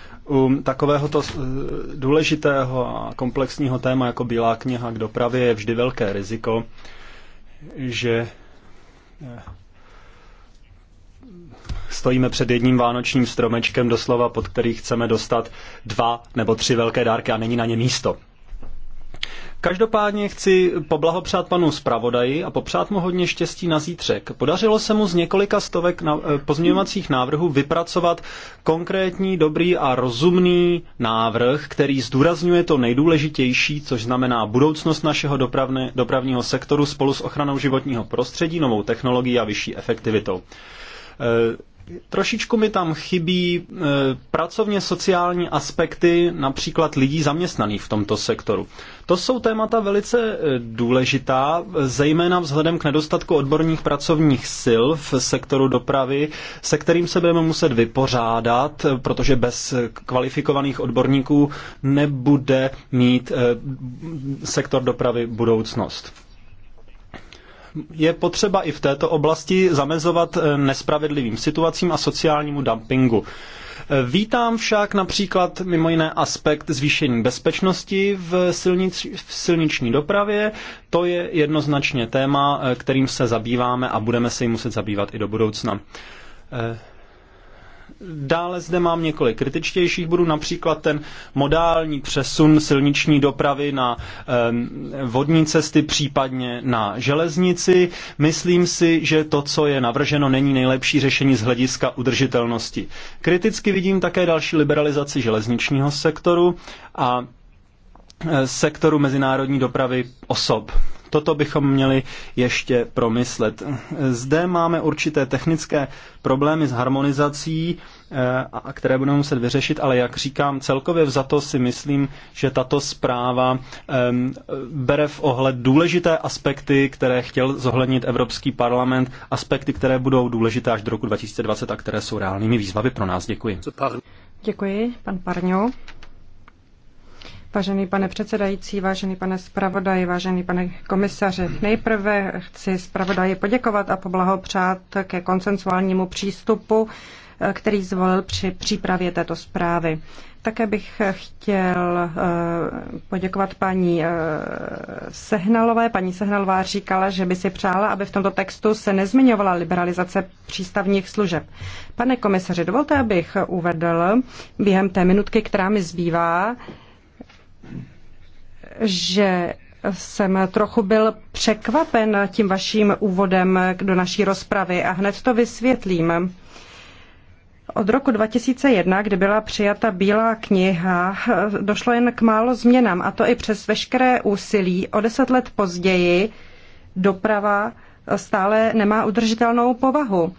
U takovéhoto eh, důležitého a komplexního téma jako Bílá kniha k dopravě je vždy velké riziko, že eh, stojíme před jedním vánočním stromečkem doslova, pod který chceme dostat dva nebo tři velké dárky a není na ně místo. Každopádně chci poblahopřát panu zpravodaji a popřát mu hodně štěstí na zítřek. Podařilo se mu z několika stovek na, eh, pozměňovacích návrhů vypracovat konkrétní, dobrý a rozumný návrh, který zdůrazňuje to nejdůležitější, což znamená budoucnost našeho dopravne, dopravního sektoru spolu s ochranou životního prostředí, novou technologií a vyšší efektivitou. Eh, Trošičku mi tam chybí e, pracovně sociální aspekty například lidí zaměstnaných v tomto sektoru. To jsou témata velice e, důležitá, zejména vzhledem k nedostatku odborných pracovních sil v sektoru dopravy, se kterým se budeme muset vypořádat, e, protože bez kvalifikovaných odborníků nebude mít sektor dopravy budoucnost je potřeba i v této oblasti zamezovat eh, nespravedlivým situacím a sociálnímu dumpingu. Eh, vítám však například mimo jiné aspekt zvýšení bezpečnosti v, silnic, v silniční dopravě. To je jednoznačně téma, eh, kterým se zabýváme a budeme se jim muset zabývat i do budoucna. Dále zde mám několik kritičtějších bodů, například ten modální přesun silniční dopravy na vodní cesty, případně na železnici. Myslím si, že to, co je navrženo, není nejlepší řešení z hlediska udržitelnosti. Kriticky vidím také další liberalizaci železničního sektoru a e, sektoru mezinárodní dopravy osob. Toto bychom měli ještě promyslet. Zde máme určité technické problémy s harmonizací, eh, které budeme muset vyřešit, ale jak říkám, celkově vzato si myslím, že tato zpráva ehm, bere v ohled důležité aspekty, které chtěl zohlednit Evropský parlament, aspekty, které budou důležité až do roku 2020 a které jsou reálnými výzvami pro nás. Děkuji. Děkuji, pan Parňo. Vážený pane předsedající, vážený pane zpravodaji, vážený pane komisaři, nejprve chci zpravodaji poděkovat a poblahopřát ke konsensuálnímu přístupu, eh, který zvolil při přípravě této zprávy. Také bych chtěl eh, poděkovat paní eh, Sehnalové. Paní Sehnalová říkala, že by si přála, aby v tomto textu se nezmiňovala liberalizace přístavních služeb. Pane komisaři, dovolte, abych uvedl během té minutky, která mi zbývá, že jsem trochu byl překvapen tím vaším úvodem do naší rozpravy a hned to vysvětlím. Od roku 2001, kdy byla přijata Bílá kniha, došlo jen k málo změnám, a to i přes veškeré úsilí. O deset let později doprava stále nemá udržitelnou povahu.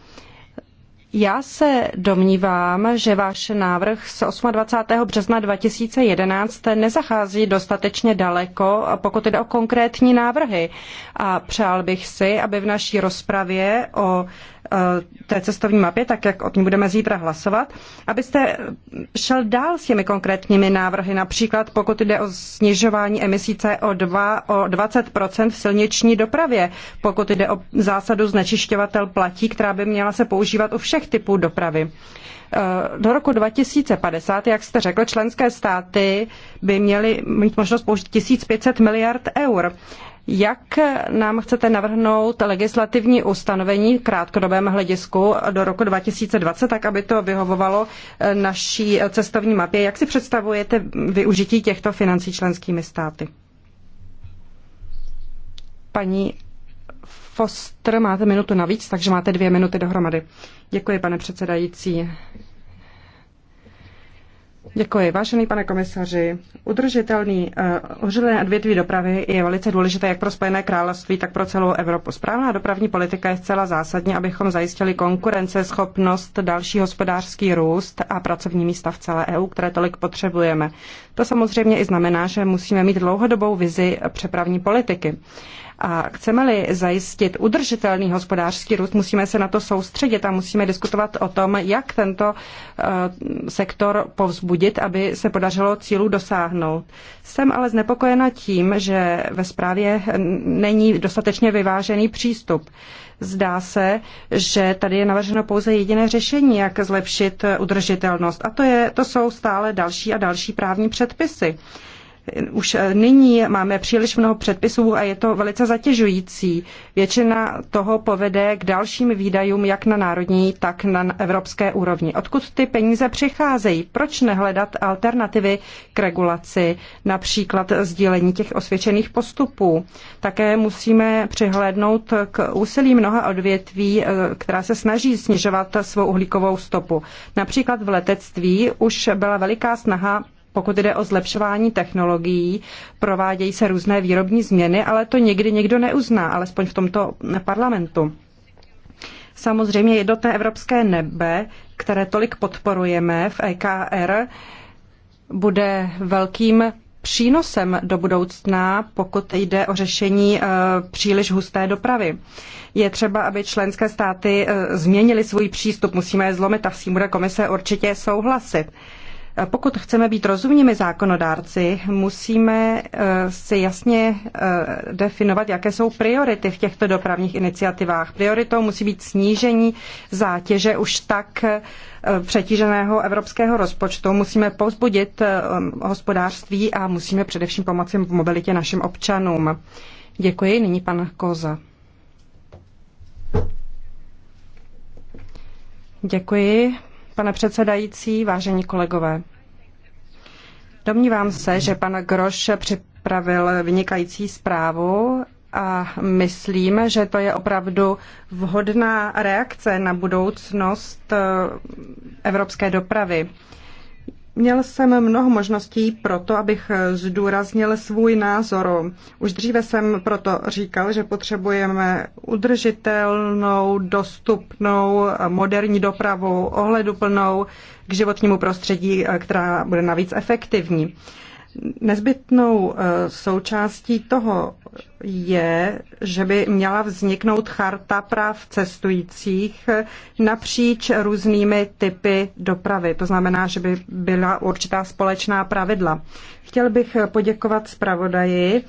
Já se domnívám, že váš návrh z 28. března 2011 nezachází dostatečně daleko, pokud jde o konkrétní návrhy. A přál bych si, aby v naší rozpravě o e, té cestovní mapě, tak jak o ní budeme zítra hlasovat, abyste šel dál s těmi konkrétními návrhy, například pokud jde o snižování emisí CO2 o 20% v silniční dopravě, pokud jde o zásadu znečišťovatel platí, která by měla se používat u všech všech typů dopravy. Eh, do roku 2050, jak jste řekl, členské státy by měly mít možnost použít 1500 miliard eur. Jak nám chcete navrhnout legislativní ustanovení v krátkodobém hledisku do roku 2020, tak aby to vyhovovalo eh, naší cestovní mapě? Jak si představujete využití těchto financí členskými státy? Paní Foster, máte minutu navíc, takže máte dvě minuty dohromady. Děkuji, pane předsedající. Děkuji. Vážený pane komisaři, udržitelný uh, eh, ožilené odvětví dopravy je velice důležité jak pro Spojené království, tak pro celou Evropu. Správná dopravní politika je zcela zásadní, abychom zajistili konkurenceschopnost, další hospodářský růst a pracovní místa v celé EU, které tolik potřebujeme. To samozřejmě i znamená, že musíme mít dlouhodobou vizi přepravní politiky. A chceme-li zajistit udržitelný hospodářský růst, musíme se na to soustředit a musíme diskutovat o tom, jak tento eh, sektor povzbudit, aby se podařilo cílu dosáhnout. Jsem ale znepokojena tím, že ve zprávě není dostatečně vyvážený přístup. Zdá se, že tady je navrženo pouze jediné řešení, jak zlepšit eh, udržitelnost. A to, je, to jsou stále další a další právní předpisy. Už eh, nyní máme příliš mnoho předpisů a je to velice zatěžující. Většina toho povede k dalším výdajům jak na národní, tak na evropské úrovni. Odkud ty peníze přicházejí? Proč nehledat alternativy k regulaci, například sdílení těch osvědčených postupů? Také musíme přihlédnout k úsilí mnoha odvětví, eh, která se snaží snižovat svou uhlíkovou stopu. Například v letectví už byla veliká snaha pokud jde o zlepšování technologií, provádějí se různé výrobní změny, ale to někdy někdo neuzná, alespoň v tomto parlamentu. Samozřejmě jednotné evropské nebe, které tolik podporujeme v EKR, bude velkým přínosem do budoucna, pokud jde o řešení e, příliš husté dopravy. Je třeba, aby členské státy e, změnily svůj přístup. Musíme je zlomit a s tím bude komise určitě souhlasit. Pokud chceme být rozumnými zákonodárci, musíme eh, si jasně eh, definovat, jaké jsou priority v těchto dopravních iniciativách. Prioritou musí být snížení zátěže už tak eh, přetíženého evropského rozpočtu. Musíme povzbudit hospodářství a musíme především pomoci v mobilitě našim občanům. Děkuji. Nyní pan Koza. Děkuji, Pane předsedající, vážení kolegové, domnívám se, že pan Groš připravil vynikající zprávu a myslím, že to je opravdu vhodná reakce na budoucnost eh, evropské dopravy. Měl jsem mnoho možností pro to, abych zdůraznil svůj názor. Už dříve jsem proto říkal, že potřebujeme udržitelnou, dostupnou, moderní dopravu, ohleduplnou k životnímu prostředí, která bude navíc efektivní. Nezbytnou eh, součástí toho je, že by měla vzniknout charta práv cestujících eh, napříč různými typy dopravy. To znamená, že by byla určitá společná pravidla. Chtěl bych poděkovat zpravodaji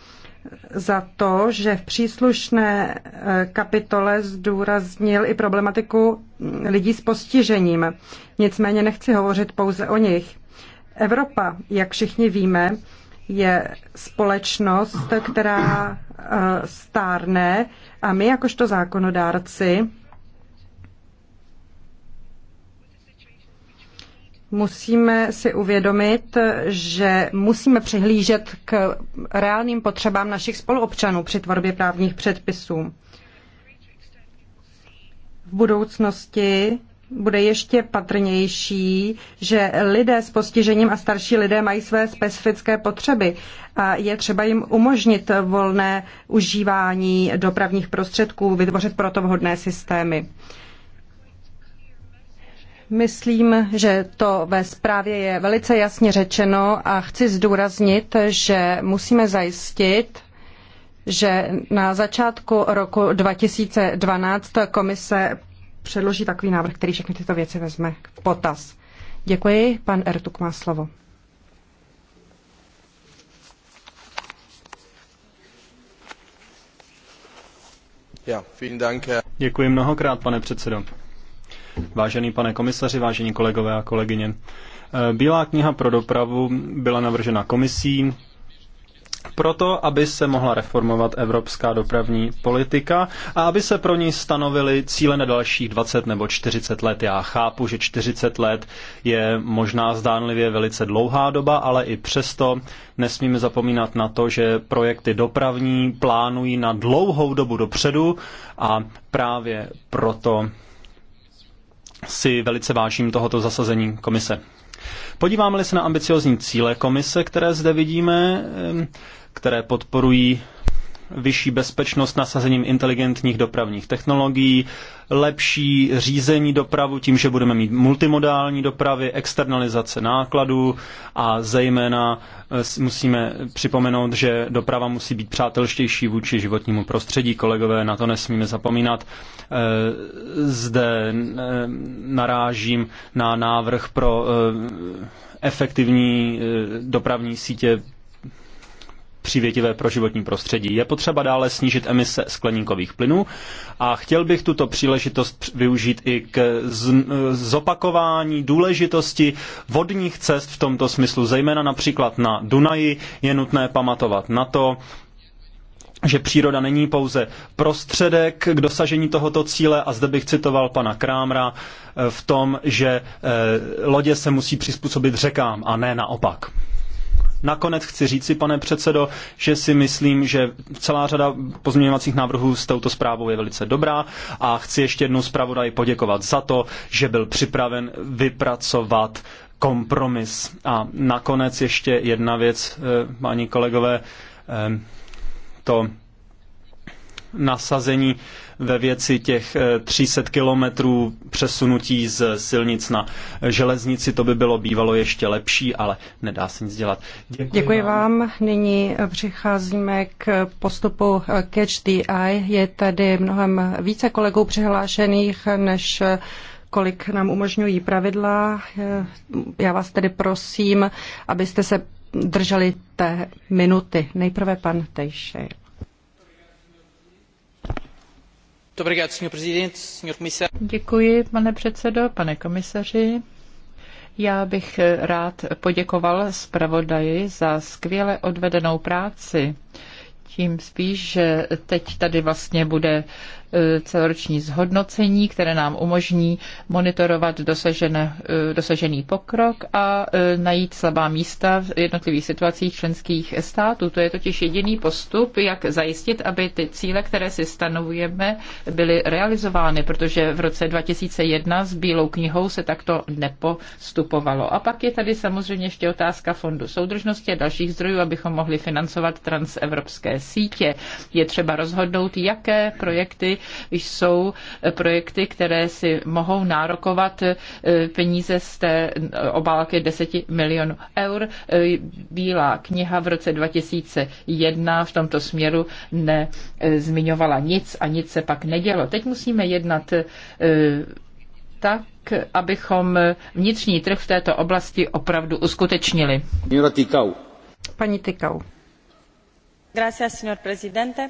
za to, že v příslušné eh, kapitole zdůraznil i problematiku mm, lidí s postižením. Nicméně nechci hovořit pouze o nich. Evropa, jak všichni víme, je společnost, která eh, stárne a my jakožto zákonodárci musíme si uvědomit, že musíme přihlížet k reálným potřebám našich spoluobčanů při tvorbě právních předpisů. V budoucnosti bude ještě patrnější, že lidé s postižením a starší lidé mají své specifické potřeby a je třeba jim umožnit volné užívání dopravních prostředků, vytvořit proto vhodné systémy. Myslím, že to ve zprávě je velice jasně řečeno a chci zdůraznit, že musíme zajistit, že na začátku roku 2012 komise předloží takový návrh, který všechny tyto věci vezme k potaz. Děkuji, pan Ertuk má slovo. Děkuji mnohokrát, pane předsedo. Vážený pane komisaři, vážení kolegové a kolegyně. Bílá kniha pro dopravu byla navržena komisí, proto, aby se mohla reformovat evropská dopravní politika a aby se pro ní stanovily cíle na dalších 20 nebo 40 let. Já chápu, že 40 let je možná zdánlivě velice dlouhá doba, ale i přesto nesmíme zapomínat na to, že projekty dopravní plánují na dlouhou dobu dopředu a právě proto si velice vážím tohoto zasazení komise. Podíváme-li se na ambiciozní cíle komise, které zde vidíme, které podporují vyšší bezpečnost nasazením inteligentních dopravních technologií, lepší řízení dopravu tím, že budeme mít multimodální dopravy, externalizace nákladů a zejména eh, musíme připomenout, že doprava musí být přátelštější vůči životnímu prostředí. Kolegové, na to nesmíme zapomínat. Eh, zde eh, narážím na návrh pro efektivní dopravní sítě přívětivé pro životní prostředí. Je potřeba dále snížit emise skleníkových plynů a chtěl bych tuto příležitost využít i k zopakování důležitosti vodních cest v tomto smyslu, zejména například na Dunaji je nutné pamatovat na to, že příroda není pouze prostředek k dosažení tohoto cíle a zde bych citoval pana Krámra eh, v tom, že eh, lodě se musí přizpůsobit řekám a ne naopak. Nakonec chci říci, pane předsedo, že si myslím, že celá řada pozměňovacích návrhů s touto zprávou je velice dobrá a chci ještě jednou zpravodaji poděkovat za to, že byl připraven vypracovat kompromis. A nakonec ještě jedna věc, eh, paní kolegové, eh, to nasazení ve věci těch 300 eh, kilometrů přesunutí z silnic na železnici. To by bylo bývalo ještě lepší, ale nedá se nic dělat. Děkuji, Děkuji vám. vám. Nyní eh, přicházíme k postupu eh, Catch the Eye. Je tady mnohem více kolegů přihlášených než kolik nám umožňují pravidla. Já vás tedy prosím, abyste se drželi té minuty. Nejprve pan Tejšek. pane předsedo, pane komisaři. Já bych rád poděkoval zpravodaji za skvěle odvedenou práci. Tím spíš, že teď tady vlastně bude E, celoroční zhodnocení, které nám umožní monitorovat dosažené, e, dosažený pokrok a e, najít slabá místa v jednotlivých situacích členských států. To je totiž jediný postup, jak zajistit, aby ty cíle, které si stanovujeme, byly realizovány, protože v roce 2001 s Bílou knihou se takto nepostupovalo. A pak je tady samozřejmě ještě otázka fondu soudržnosti a dalších zdrojů, abychom mohli financovat transevropské sítě. Je třeba rozhodnout, jaké projekty jsou projekty, které si mohou nárokovat eh, peníze z té obálky 10 milionů eur. Eh, Bílá kniha v roce 2001 v tomto směru nezmiňovala eh, nic a nic se pak nedělo. Teď musíme jednat tak, abychom vnitřní trh v této oblasti opravdu uskutečnili. Paní Tykau. Gracias, señor presidente.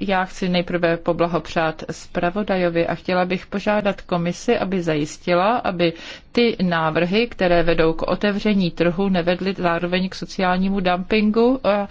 Já chci nejprve poblahopřát zpravodajovi a chtěla bych požádat komisi, aby zajistila, aby ty návrhy, které vedou k otevření trhu, nevedly zároveň k sociálnímu dumpingu e,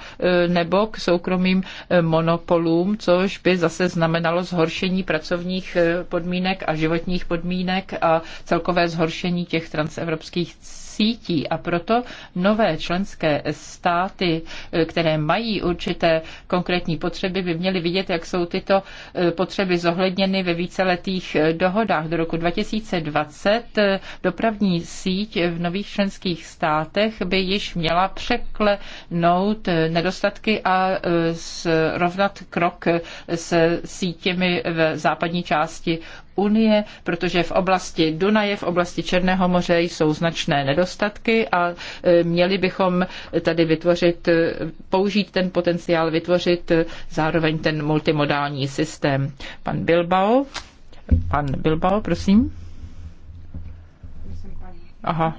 nebo k soukromým e, monopolům, což by zase znamenalo zhoršení pracovních e, podmínek a životních podmínek a celkové zhoršení těch transevropských sítí a proto nové členské státy, eh, které mají určité konkrétní potřeby, by měly vidět, jak jsou tyto eh, potřeby zohledněny ve víceletých eh, dohodách. Do roku 2020 dopravní síť v nových členských státech by již měla překlenout nedostatky a srovnat krok s sítěmi v západní části unie, protože v oblasti Dunaje, v oblasti Černého moře jsou značné nedostatky a e, měli bychom tady vytvořit, e, použít ten potenciál, vytvořit e, zároveň ten multimodální systém. Pan Bilbao, pan Bilbao, prosím. Aha.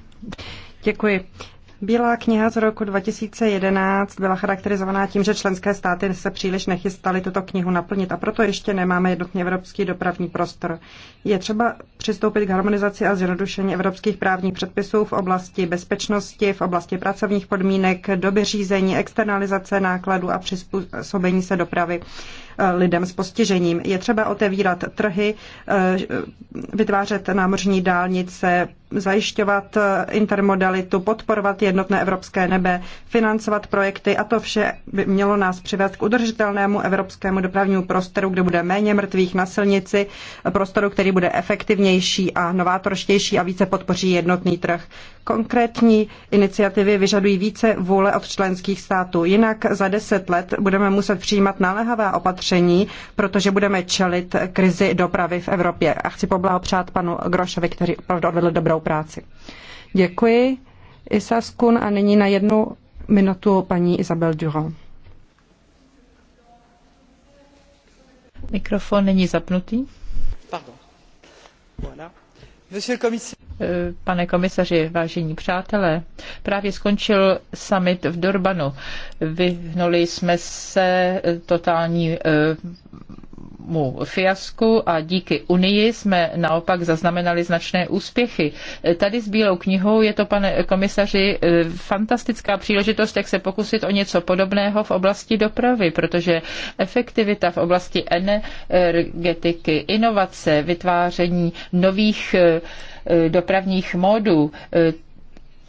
Děkuji. Bílá kniha z roku 2011 byla charakterizovaná tím, že členské státy se příliš nechystaly tuto knihu naplnit a proto ještě nemáme jednotný evropský dopravní prostor. Je třeba přistoupit k harmonizaci a zjednodušení evropských právních předpisů v oblasti bezpečnosti, v oblasti pracovních podmínek, doby řízení, externalizace nákladů a přizpůsobení se dopravy eh, lidem s postižením. Je třeba otevírat trhy, eh, vytvářet námořní dálnice, zajišťovat intermodalitu, podporovat jednotné evropské nebe, financovat projekty a to vše by mělo nás přivést k udržitelnému evropskému dopravnímu prostoru, kde bude méně mrtvých na silnici, prostoru, který bude efektivnější a novátorštější a více podpoří jednotný trh. Konkrétní iniciativy vyžadují více vůle od členských států. Jinak za deset let budeme muset přijímat naléhavá opatření, protože budeme čelit krizi dopravy v Evropě. A chci poblahopřát panu Grošovi, který opravdu odvedl dobrou dobrou práci. Děkuji. Isa Skun a nyní na jednu minutu paní Isabel Durand. Mikrofon není zapnutý. Eh, pane komisaři, vážení přátelé, právě skončil summit v Dorbanu. Vyhnuli jsme se totální eh, mu fiasku a díky Unii jsme naopak zaznamenali značné úspěchy. Tady s Bílou knihou je to, pane komisaři, eh, fantastická příležitost, jak se pokusit o něco podobného v oblasti dopravy, protože efektivita v oblasti energetiky, inovace, vytváření nových eh, eh, dopravních módů,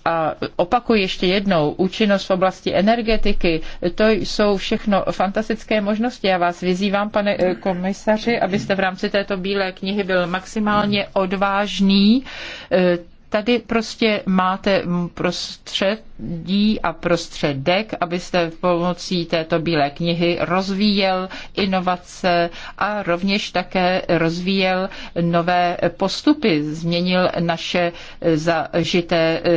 a opakuji ještě jednou, účinnost v oblasti energetiky, to jsou všechno fantastické možnosti. Já vás vyzývám, pane eh, komisaři, abyste v rámci této bílé knihy byl maximálně odvážný eh, Tady prostě máte prostředí a prostředek, abyste pomocí této bílé knihy rozvíjel inovace a rovněž také rozvíjel nové postupy, změnil naše zažité eh,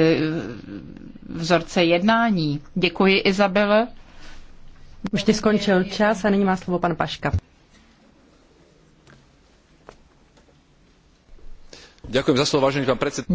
vzorce jednání. Děkuji, Izabele. Už ti skončil čas a nyní má slovo pan Paška.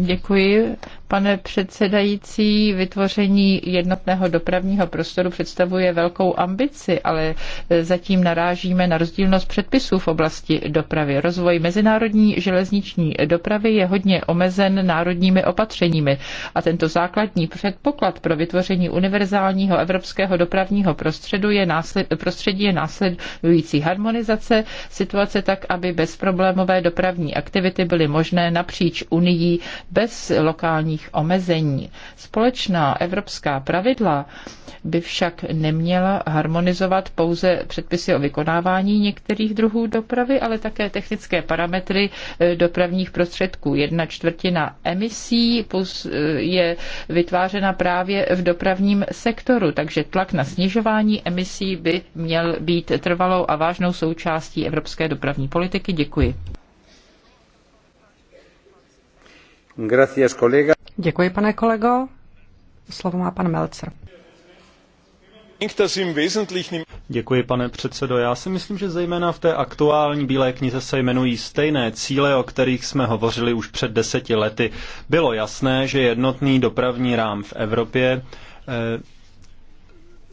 Děkuji, pane předsedající. Vytvoření jednotného dopravního prostoru představuje velkou ambici, ale zatím narážíme na rozdílnost předpisů v oblasti dopravy. Rozvoj mezinárodní železniční dopravy je hodně omezen národními opatřeními a tento základní předpoklad pro vytvoření univerzálního evropského dopravního prostředu je násled, prostředí je následující harmonizace situace tak, aby bezproblémové dopravní aktivity byly možné například napříč Unii bez lokálních omezení. Společná evropská pravidla by však neměla harmonizovat pouze předpisy o vykonávání některých druhů dopravy, ale také technické parametry eh, dopravních prostředků. Jedna čtvrtina emisí eh, je vytvářena právě v dopravním sektoru, takže tlak na snižování emisí by měl být trvalou a vážnou součástí evropské dopravní politiky. Děkuji. Děkuji, pane kolego. Slovo má pan Melcer. Děkuji, pane předsedo. Já si myslím, že zejména v té aktuální Bílé knize se jmenují stejné cíle, o kterých jsme hovořili už před deseti lety. Bylo jasné, že jednotný dopravní rám v Evropě eh,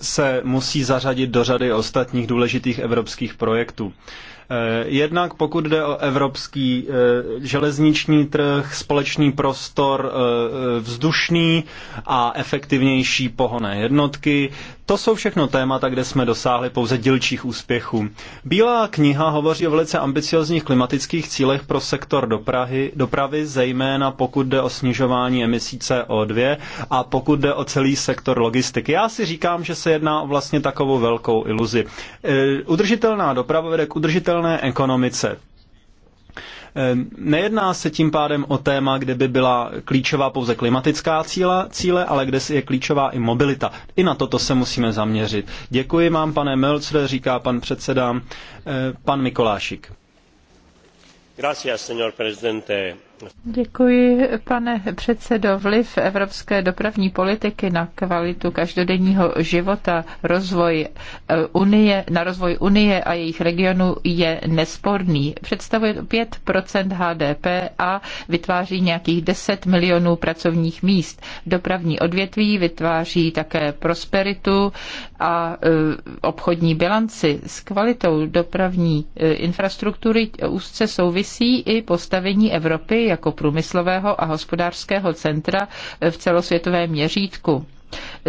se musí zařadit do řady ostatních důležitých evropských projektů. Eh, jednak pokud jde o evropský eh, železniční trh, společný prostor eh, vzdušný a efektivnější pohonné jednotky, to jsou všechno témata, kde jsme dosáhli pouze dílčích úspěchů. Bílá kniha hovoří o velice ambiciozních klimatických cílech pro sektor dopravy, dopravy, zejména pokud jde o snižování emisí CO2 a pokud jde o celý sektor logistiky. Já si říkám, že se jedná o vlastně takovou velkou iluzi. Udržitelná doprava vede k udržitelnému udržitelné ekonomice. Ehm, nejedná se tím pádem o téma, kde by byla klíčová pouze klimatická cíle, cíle ale kde je klíčová i mobilita. I na toto se musíme zaměřit. Děkuji vám, pane Melcre, říká pan předseda, eh, pan Mikolášik. Gracias, señor presidente. Děkuji, pane předsedo. Vliv evropské dopravní politiky na kvalitu každodenního života, rozvoj eh, unie, na rozvoj unie a jejich regionů je nesporný. Představuje 5 HDP a vytváří nějakých 10 milionů pracovních míst. Dopravní odvětví vytváří také prosperitu a eh, obchodní bilanci. S kvalitou dopravní eh, infrastruktury úzce souvisí i postavení Evropy jako průmyslového a hospodářského centra v celosvětovém měřítku.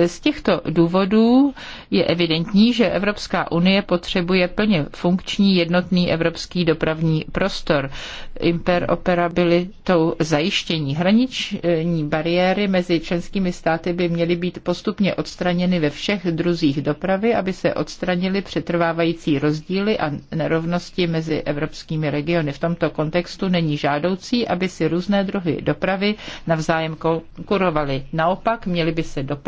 Z těchto důvodů je evidentní, že Evropská unie potřebuje plně funkční jednotný evropský dopravní prostor. Imperoperabilitou zajištění hraniční bariéry mezi členskými státy by měly být postupně odstraněny ve všech druzích dopravy, aby se odstranily přetrvávající rozdíly a nerovnosti mezi evropskými regiony. V tomto kontextu není žádoucí, aby si různé druhy dopravy navzájem konkurovaly. Naopak, měly by se dopravy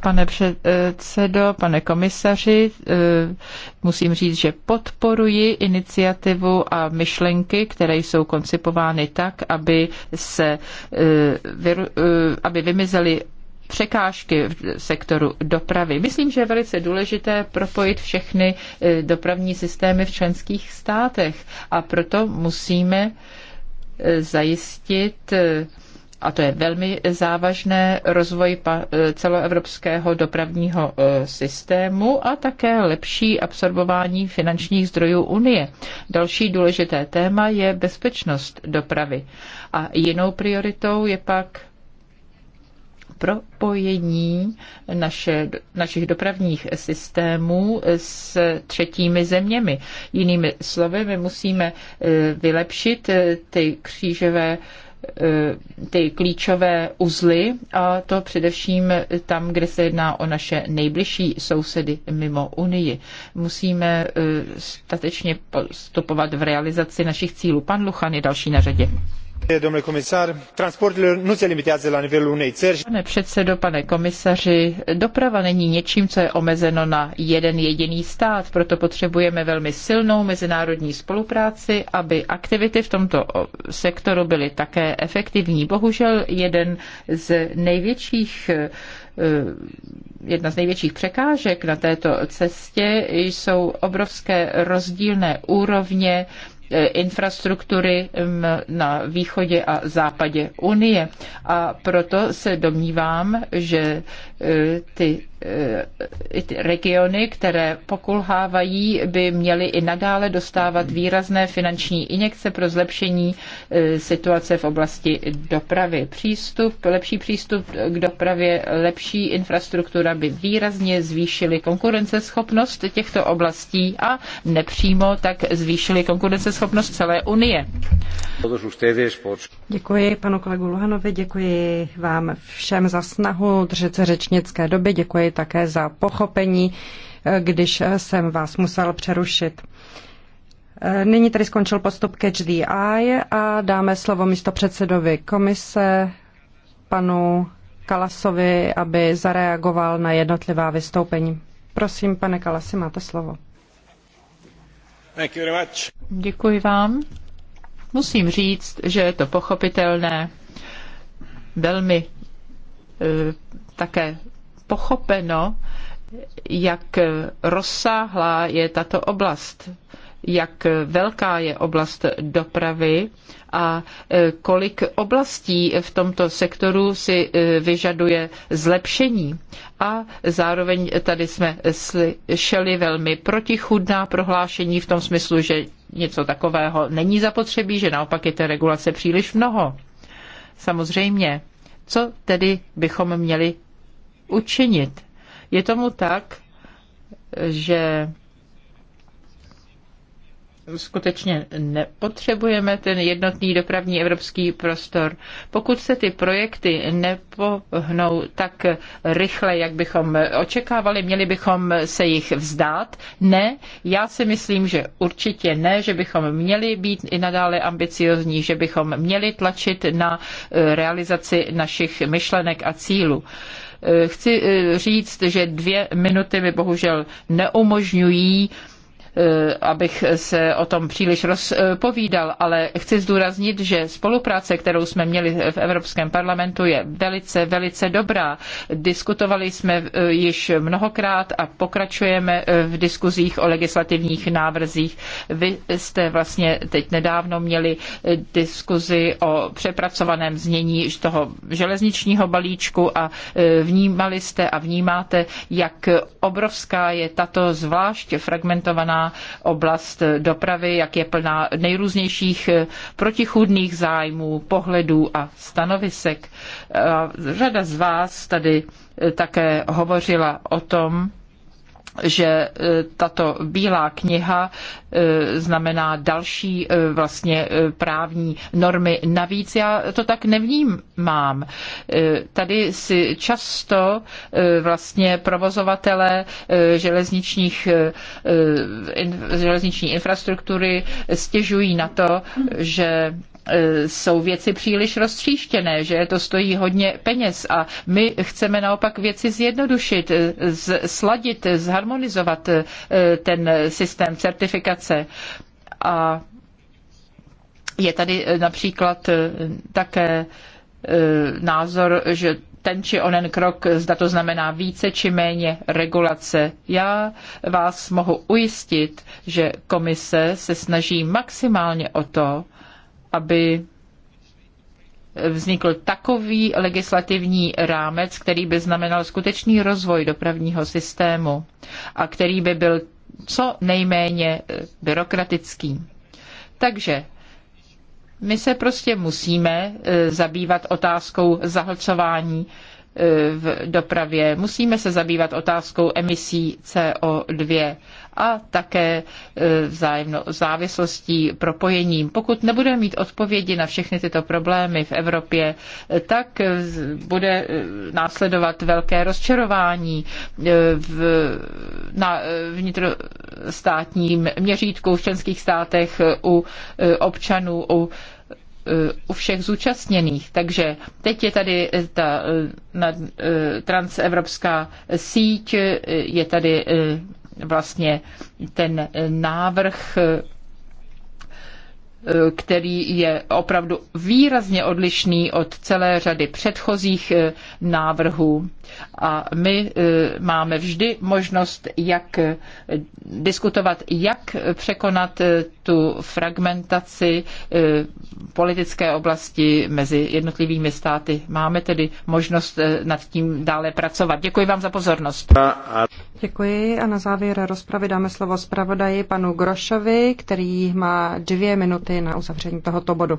pane předsedo, pane komisaři. Eh, musím říct, že podporuji iniciativu a myšlenky, které jsou koncipovány tak, aby se eh, eh, aby vymizely překážky v sektoru dopravy. Myslím, že je velice důležité propojit všechny dopravní systémy v členských státech a proto musíme zajistit a to je velmi závažné, rozvoj e, celoevropského dopravního e, systému a také lepší absorbování finančních zdrojů Unie. Další důležité téma je bezpečnost dopravy. A jinou prioritou je pak propojení naše, našich dopravních systémů s třetími zeměmi. Jinými slovy, my musíme e, vylepšit ty křížové Eh, ty klíčové uzly a to především tam, kde se jedná o naše nejbližší sousedy mimo Unii. Musíme eh, statečně postupovat v realizaci našich cílů. Pan Luchan je další na řadě. Pane předsedo, pane komisaři, doprava není něčím, co je omezeno na jeden jediný stát, proto potřebujeme velmi silnou mezinárodní spolupráci, aby aktivity v tomto sektoru byly také efektivní. Bohužel jeden z největších e, jedna z největších překážek na této cestě jsou obrovské rozdílné úrovně Eh, infrastruktury mm, na východě a západě Unie. A proto se domnívám, že Eh, ty, eh, ty regiony, které pokulhávají, by měly i nadále dostávat výrazné finanční injekce pro zlepšení eh, situace v oblasti dopravy. Přístup, lepší přístup k dopravě, lepší infrastruktura by výrazně zvýšily konkurenceschopnost těchto oblastí a nepřímo tak zvýšily konkurenceschopnost celé Unie. Děkuji panu kolegu Luhanovi, děkuji vám všem za snahu držet se řečníka řečnické doby. Děkuji také za pochopení, eh, když eh, jsem vás musel přerušit. Eh, nyní tedy skončil postup Catch the Eye a dáme slovo místo předsedovi komise panu Kalasovi, aby zareagoval na jednotlivá vystoupení. Prosím, pane Kalasi, máte slovo. Děkuji vám. Musím říct, že je to pochopitelné. Velmi také pochopeno, jak rozsáhlá je tato oblast, jak velká je oblast dopravy a e, kolik oblastí v tomto sektoru si e, vyžaduje zlepšení. A zároveň tady jsme slyšeli velmi protichudná prohlášení v tom smyslu, že něco takového není zapotřebí, že naopak je té regulace příliš mnoho. Samozřejmě, co tedy bychom měli učinit. Je tomu tak, že skutečně nepotřebujeme ten jednotný dopravní evropský prostor. Pokud se ty projekty nepohnou tak rychle, jak bychom očekávali, měli bychom se jich vzdát? Ne, já si myslím, že určitě ne, že bychom měli být i nadále ambiciozní, že bychom měli tlačit na realizaci našich myšlenek a cílů. Eh, chci eh, říct, že dvě minuty mi bohužel neumožňují Eh, abych se o tom příliš rozpovídal, ale chci zdůraznit, že spolupráce, kterou jsme měli v Evropském parlamentu, je velice, velice dobrá. Diskutovali jsme eh, již mnohokrát a pokračujeme eh, v diskuzích o legislativních návrzích. Vy jste vlastně teď nedávno měli diskuzi o přepracovaném znění toho železničního balíčku a vnímali jste a vnímáte, jak obrovská je tato zvlášť fragmentovaná oblast dopravy, jak je plná nejrůznějších eh, protichůdných zájmů, pohledů a stanovisek. řada z vás tady eh, také hovořila o tom, že e, tato bílá kniha e, znamená další e, vlastně právní normy. Navíc já to tak nevnímám. Tady si často vlastně provozovatele železničních, železniční infrastruktury stěžují na to, že E, jsou věci příliš roztříštěné, že to stojí hodně peněz a my chceme naopak věci zjednodušit, e, sladit, zharmonizovat e, ten systém certifikace. A je tady například také názor, že ten či onen krok, zda to znamená více či méně regulace. Já vás mohu ujistit, že komise se snaží maximálně o to, aby vznikl takový legislativní rámec, který by znamenal skutečný rozvoj dopravního systému a který by byl co nejméně eh, byrokratický. Takže my se prostě musíme eh, zabývat otázkou zahlcování eh, v dopravě, musíme se zabývat otázkou emisí CO2 a také e, vzájemnou závislostí, propojením. Pokud nebudeme mít odpovědi na všechny tyto problémy v Evropě, e, tak e, bude následovat velké rozčarování v, na vnitrostátním měřítku v členských státech u občanů, u u všech zúčastněných. Takže teď je tady ta na, transevropská síť, je tady vlastně ten návrh který je opravdu výrazně odlišný od celé řady předchozích návrhů. A my eh, máme vždy možnost, jak diskutovat, jak překonat eh, tu fragmentaci eh, politické oblasti mezi jednotlivými státy. Máme tedy možnost nad tím dále pracovat. Děkuji vám za pozornost. Děkuji a na závěr rozpravy dáme slovo zpravodaji panu Grošovi, který má dvě minuty na uzavření tohoto bodu.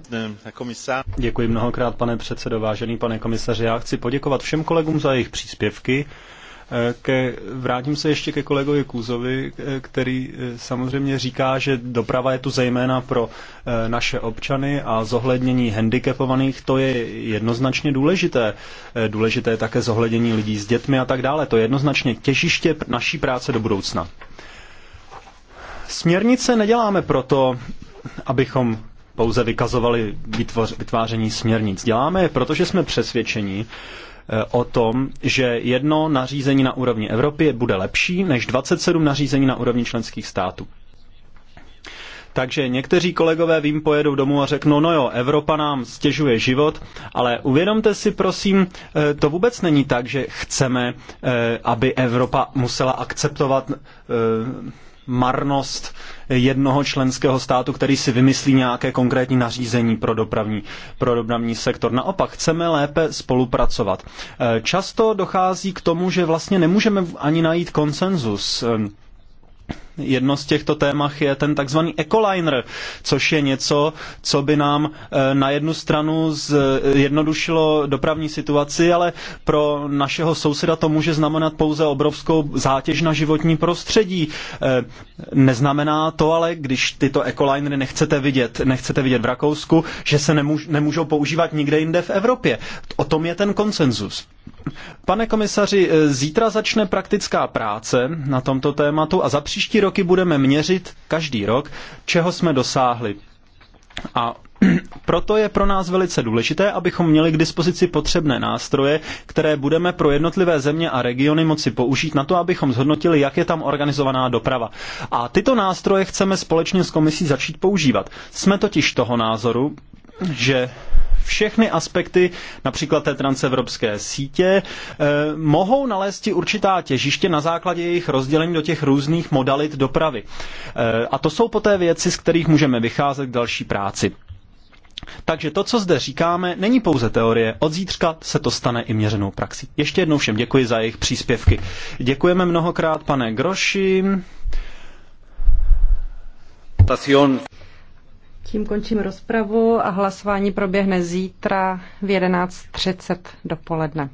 Děkuji mnohokrát, pane předsedo, vážený pane komisaři. Já chci poděkovat všem kolegům za jejich příspěvky Eh, ke, vrátím se ještě ke kolegovi Kůzovi, eh, který eh, samozřejmě říká, že doprava je tu zejména pro naše občany a zohlednění handicapovaných, to je jednoznačně důležité. Důležité je také zohlednění lidí s dětmi a tak dále. To je jednoznačně těžiště naší práce do budoucna. Směrnice neděláme proto, abychom pouze vykazovali vytvoř, vytváření směrnic. Děláme je, protože jsme přesvědčeni, o tom, že jedno nařízení na úrovni Evropy bude lepší než 27 nařízení na úrovni členských států. Takže někteří kolegové vím pojedou domů a řeknou, no jo, Evropa nám stěžuje život, ale uvědomte si prosím, eh, to vůbec není tak, že chceme, eh, aby Evropa musela akceptovat eh, marnost jednoho členského státu, který si vymyslí nějaké konkrétní nařízení pro dopravní, pro dopravní sektor. Naopak, chceme lépe spolupracovat. E, často dochází k tomu, že vlastně nemůžeme ani najít konsenzus e, Jedno z těchto témach je ten takzvaný ecoliner, což je něco, co by nám eh, na jednu stranu zjednodušilo eh, dopravní situaci, ale pro našeho souseda to může znamenat pouze obrovskou zátěž na životní prostředí. Eh, neznamená to ale, když tyto ecolinery nechcete vidět, nechcete vidět v Rakousku, že se nemůžou používat nikde jinde v Evropě. O tom je ten konsenzus. Pane komisaři, eh, zítra začne praktická práce na tomto tématu a za příští roky budeme měřit každý rok, čeho jsme dosáhli. A [CLEARS THROAT] proto je pro nás velice důležité, abychom měli k dispozici potřebné nástroje, které budeme pro jednotlivé země a regiony moci použít na to, abychom zhodnotili, jak je tam organizovaná doprava. A tyto nástroje chceme společně s komisí začít používat. Jsme totiž toho názoru, že všechny aspekty, například té transevropské sítě, eh, mohou nalézt určitá těžiště na základě jejich rozdělení do těch různých modalit dopravy. Eh, a to jsou poté věci, z kterých můžeme vycházet k další práci. Takže to, co zde říkáme, není pouze teorie. Od zítřka se to stane i měřenou praxí. Ještě jednou všem děkuji za jejich příspěvky. Děkujeme mnohokrát, pane Groši. Tím končím rozpravu a hlasování proběhne zítra v 11.30 dopoledne.